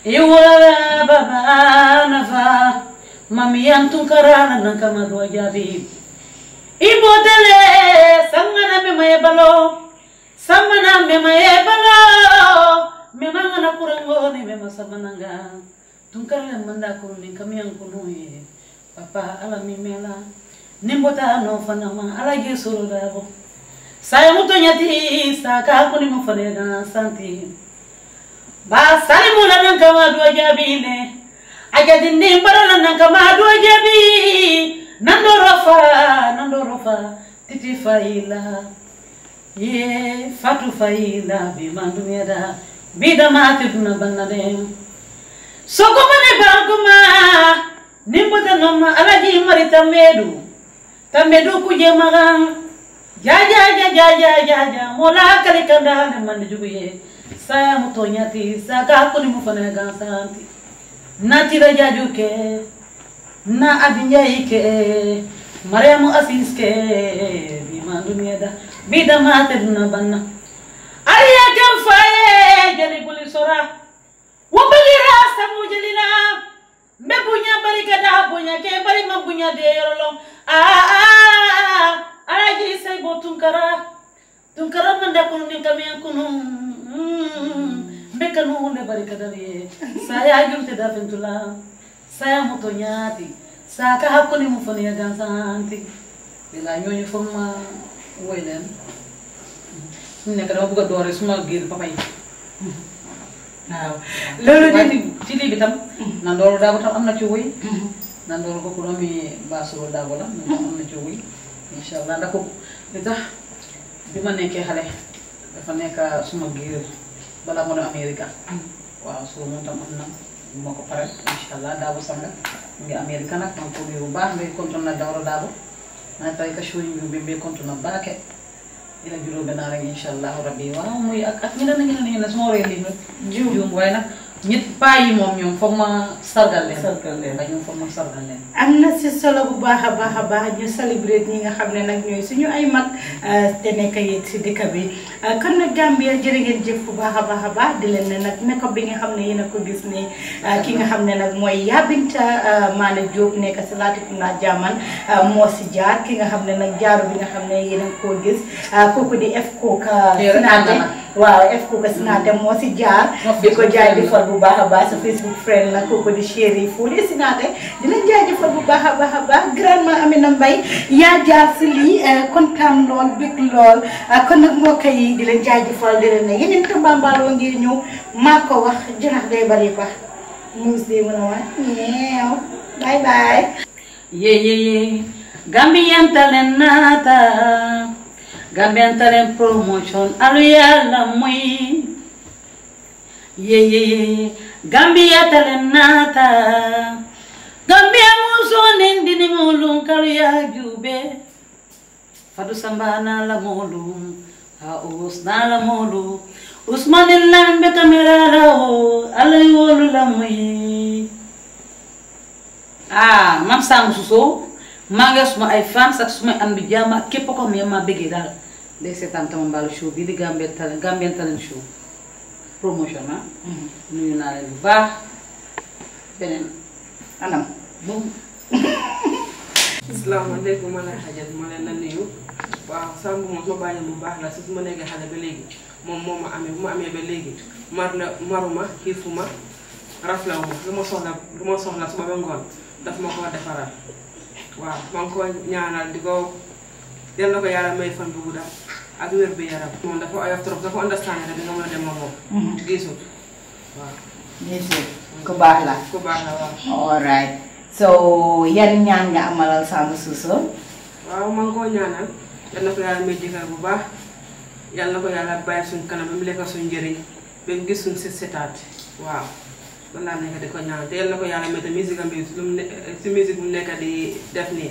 A: iwala la baba na mami antun karana nan kama do jabi sangana me maye balo sangana me maye balo me mangana kurango ni me masamananga tunkarle manda kuruni kamiyan kunui papa ala mela nimbota no fanama ala gesoro saya nyati sa saka kuni mu na santi ba salimula nan kama duwa jabi ne a jatindi barala nan kama duwa jaabi nan doro nando rofa titi faila, ye fatu faila bi bida ma ti duna bangade sogomane bankuma nimbota noma alagi mari tambedu tambedu kuje ya ya ya ya ya ya ya mola kale kanda ne man juguye saya mutonyati saka kuni mufana gansanti na tira jajuke na abinya ike maryamu asiske bima dunia da bida mate duna banna ariya kan faye jali buli sora wabali rasa mujalina me bunya bari kada bunya ke bari ma bunya de yorolong ah ah aji sai bo tunkara tunkara manda kami yang kunun mereka hmm, nuhunde barikadari saya te da fentula saya mutonyati saka hakuni mufoni ya gansanti bila nyonyo foma uh, welen hmm, ne kada buga dore suma gir papai nah, lolo ti li bitam nandoro ko tam amna ci woy nandoro ko ko mi da ko la amna ci woy incha allah ndax li tax bi ma nekkee xale dafa nekk suma géer balaa ma doon Amérique waaw su moom tam am na moo ko pare incha allah daabu sanga mu ngi Amérique nag am produit ka show bi mbay kontoon na baake dina juróom benn rek incha allah rabbi waaw muy ak ak ñeneen ñeneen ñeneen su ma waree lii nag. waaye nag. ñett paa yi moom ñoom foog ma sargal leen. sargal leen ba ma sargal leen.
B: am na si solo bu baax a baax a baax ñu célébrer ñi nga xam ne nag ñooy suñu ay mag euh, te nekk yéeg si dëkk bi euh, kon nag Gambia jërë ngeen jëf bu baax a baax a baax di leen ne nag makeup bi nga xam ne yéen a ko gis ne euh, ki nga xam ne nag mooy Yabinta Maane Diop nekk si Latrikunda Jaman moo si jaar ki nga xam ne nag jaaru bi nga xam ne yéen a koo gis kooku di F kooka. waaw est ce que ko sinate moo si jaar di ko jaajëfal bu baax a baax sa facebook friend la kooku di chéri fuule sinate dina eh. jaajëfal bu baax a baax a baax grandement Amina Mbaye yaa jaar si lii eh, kontaan lool bég lool kon eh, nag mbokk yi di leen jaajëfal di leen ne yeneen tambambaloo ngir ñëw maa ko wax jinax day bari wax muus day mën a wax ñeew
A: bye bye yeye yeye Gambian talent nata Gambian Talent Promotion alu yàlla muy yeye Gambia Talent naata Gambia musonin dini mulum kalu ya jube fadu samba na la mulum a us na la mulu usmanin lambe kamera la o alay wolu la muy ah mam sang suso maa ngi suma ay fans ak sumay am bi jàmm ak képp ko xam maa bëggee daal day seetaan Tamba Mballo show bii di Gambian Talent Gambian Talent show promotion ah. Mhm. nuyu naa leen bu baax beneen anam boobu. <laughs> ma lay xajal ma leen la bu ma nekkee xale ba léegi moom moo ma amee bu ma amee ba léegi mar na maruma xiifuma raflawuma lu ma soxla lu ma soxla suba ba ngoon daf ma ko defaral. waaw maa ngi ko ñaanal di ko yal na ko yàlla may fan bu gudd ak wér bi yaram moom dafa oyof trop dafa understand rek nga mën a dem ak moom mm-hmm. gisul waaw gisul ku baax la ku baax la waaw all
B: right so yan ñaan nga amalal sama suuso waaw maa ngi koo ñaanal
A: yal na ko yàlla may jëkkër bu baax yal na ko yàlla bàyyi suñ kanam ba mu lekk suñ njëriñ ba mu gis suñ set setaat waaw loolu laa nekk di ko ñaanal te yal na ko yàlla may te musique am bi lu mu ne si musique bu mu nekk di def nii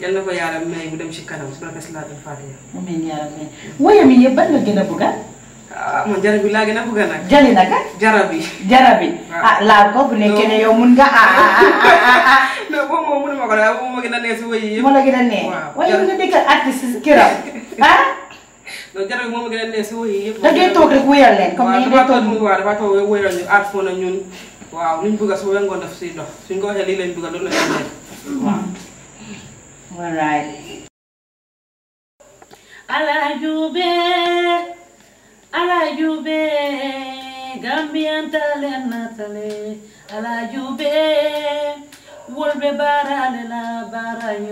A: yal na ko yàlla may bu dem ci kanam su rafet si laa doon fàtte. amiin yaa rabbi
B: woyam yi yëpp ban nga gën
A: a bëgg ah man jarab yi laa gën a bëgg
B: nag. jali naka. jarab yi. jarab yi ah, ah laal ko bu nekkee ne yow mun nga ah ah ah. ah, ah <laughs> non boobu moom mënuma ko daal boobu moo gën a neex si woy yi yëpp. moo la gën a neex. waaw jarab waaye nga dégg artiste si këram
A: ah. donc <laughs> jarab yi moom a gën a neex si woy yi yëpp. da ngay toog rek wéyal leen comme ni ñu doon toog waaw dafa toog wéyal ñu aar fóon na ñun waaw luñ bëgg a su wengoon daf siy dox suñ ko waxee lii lañ bëgg a loolu lañ bëgg waaw. wallaay. Alaajube
B: Alaajube
A: Gambian Talents natale Alaajube wol be baarale la baara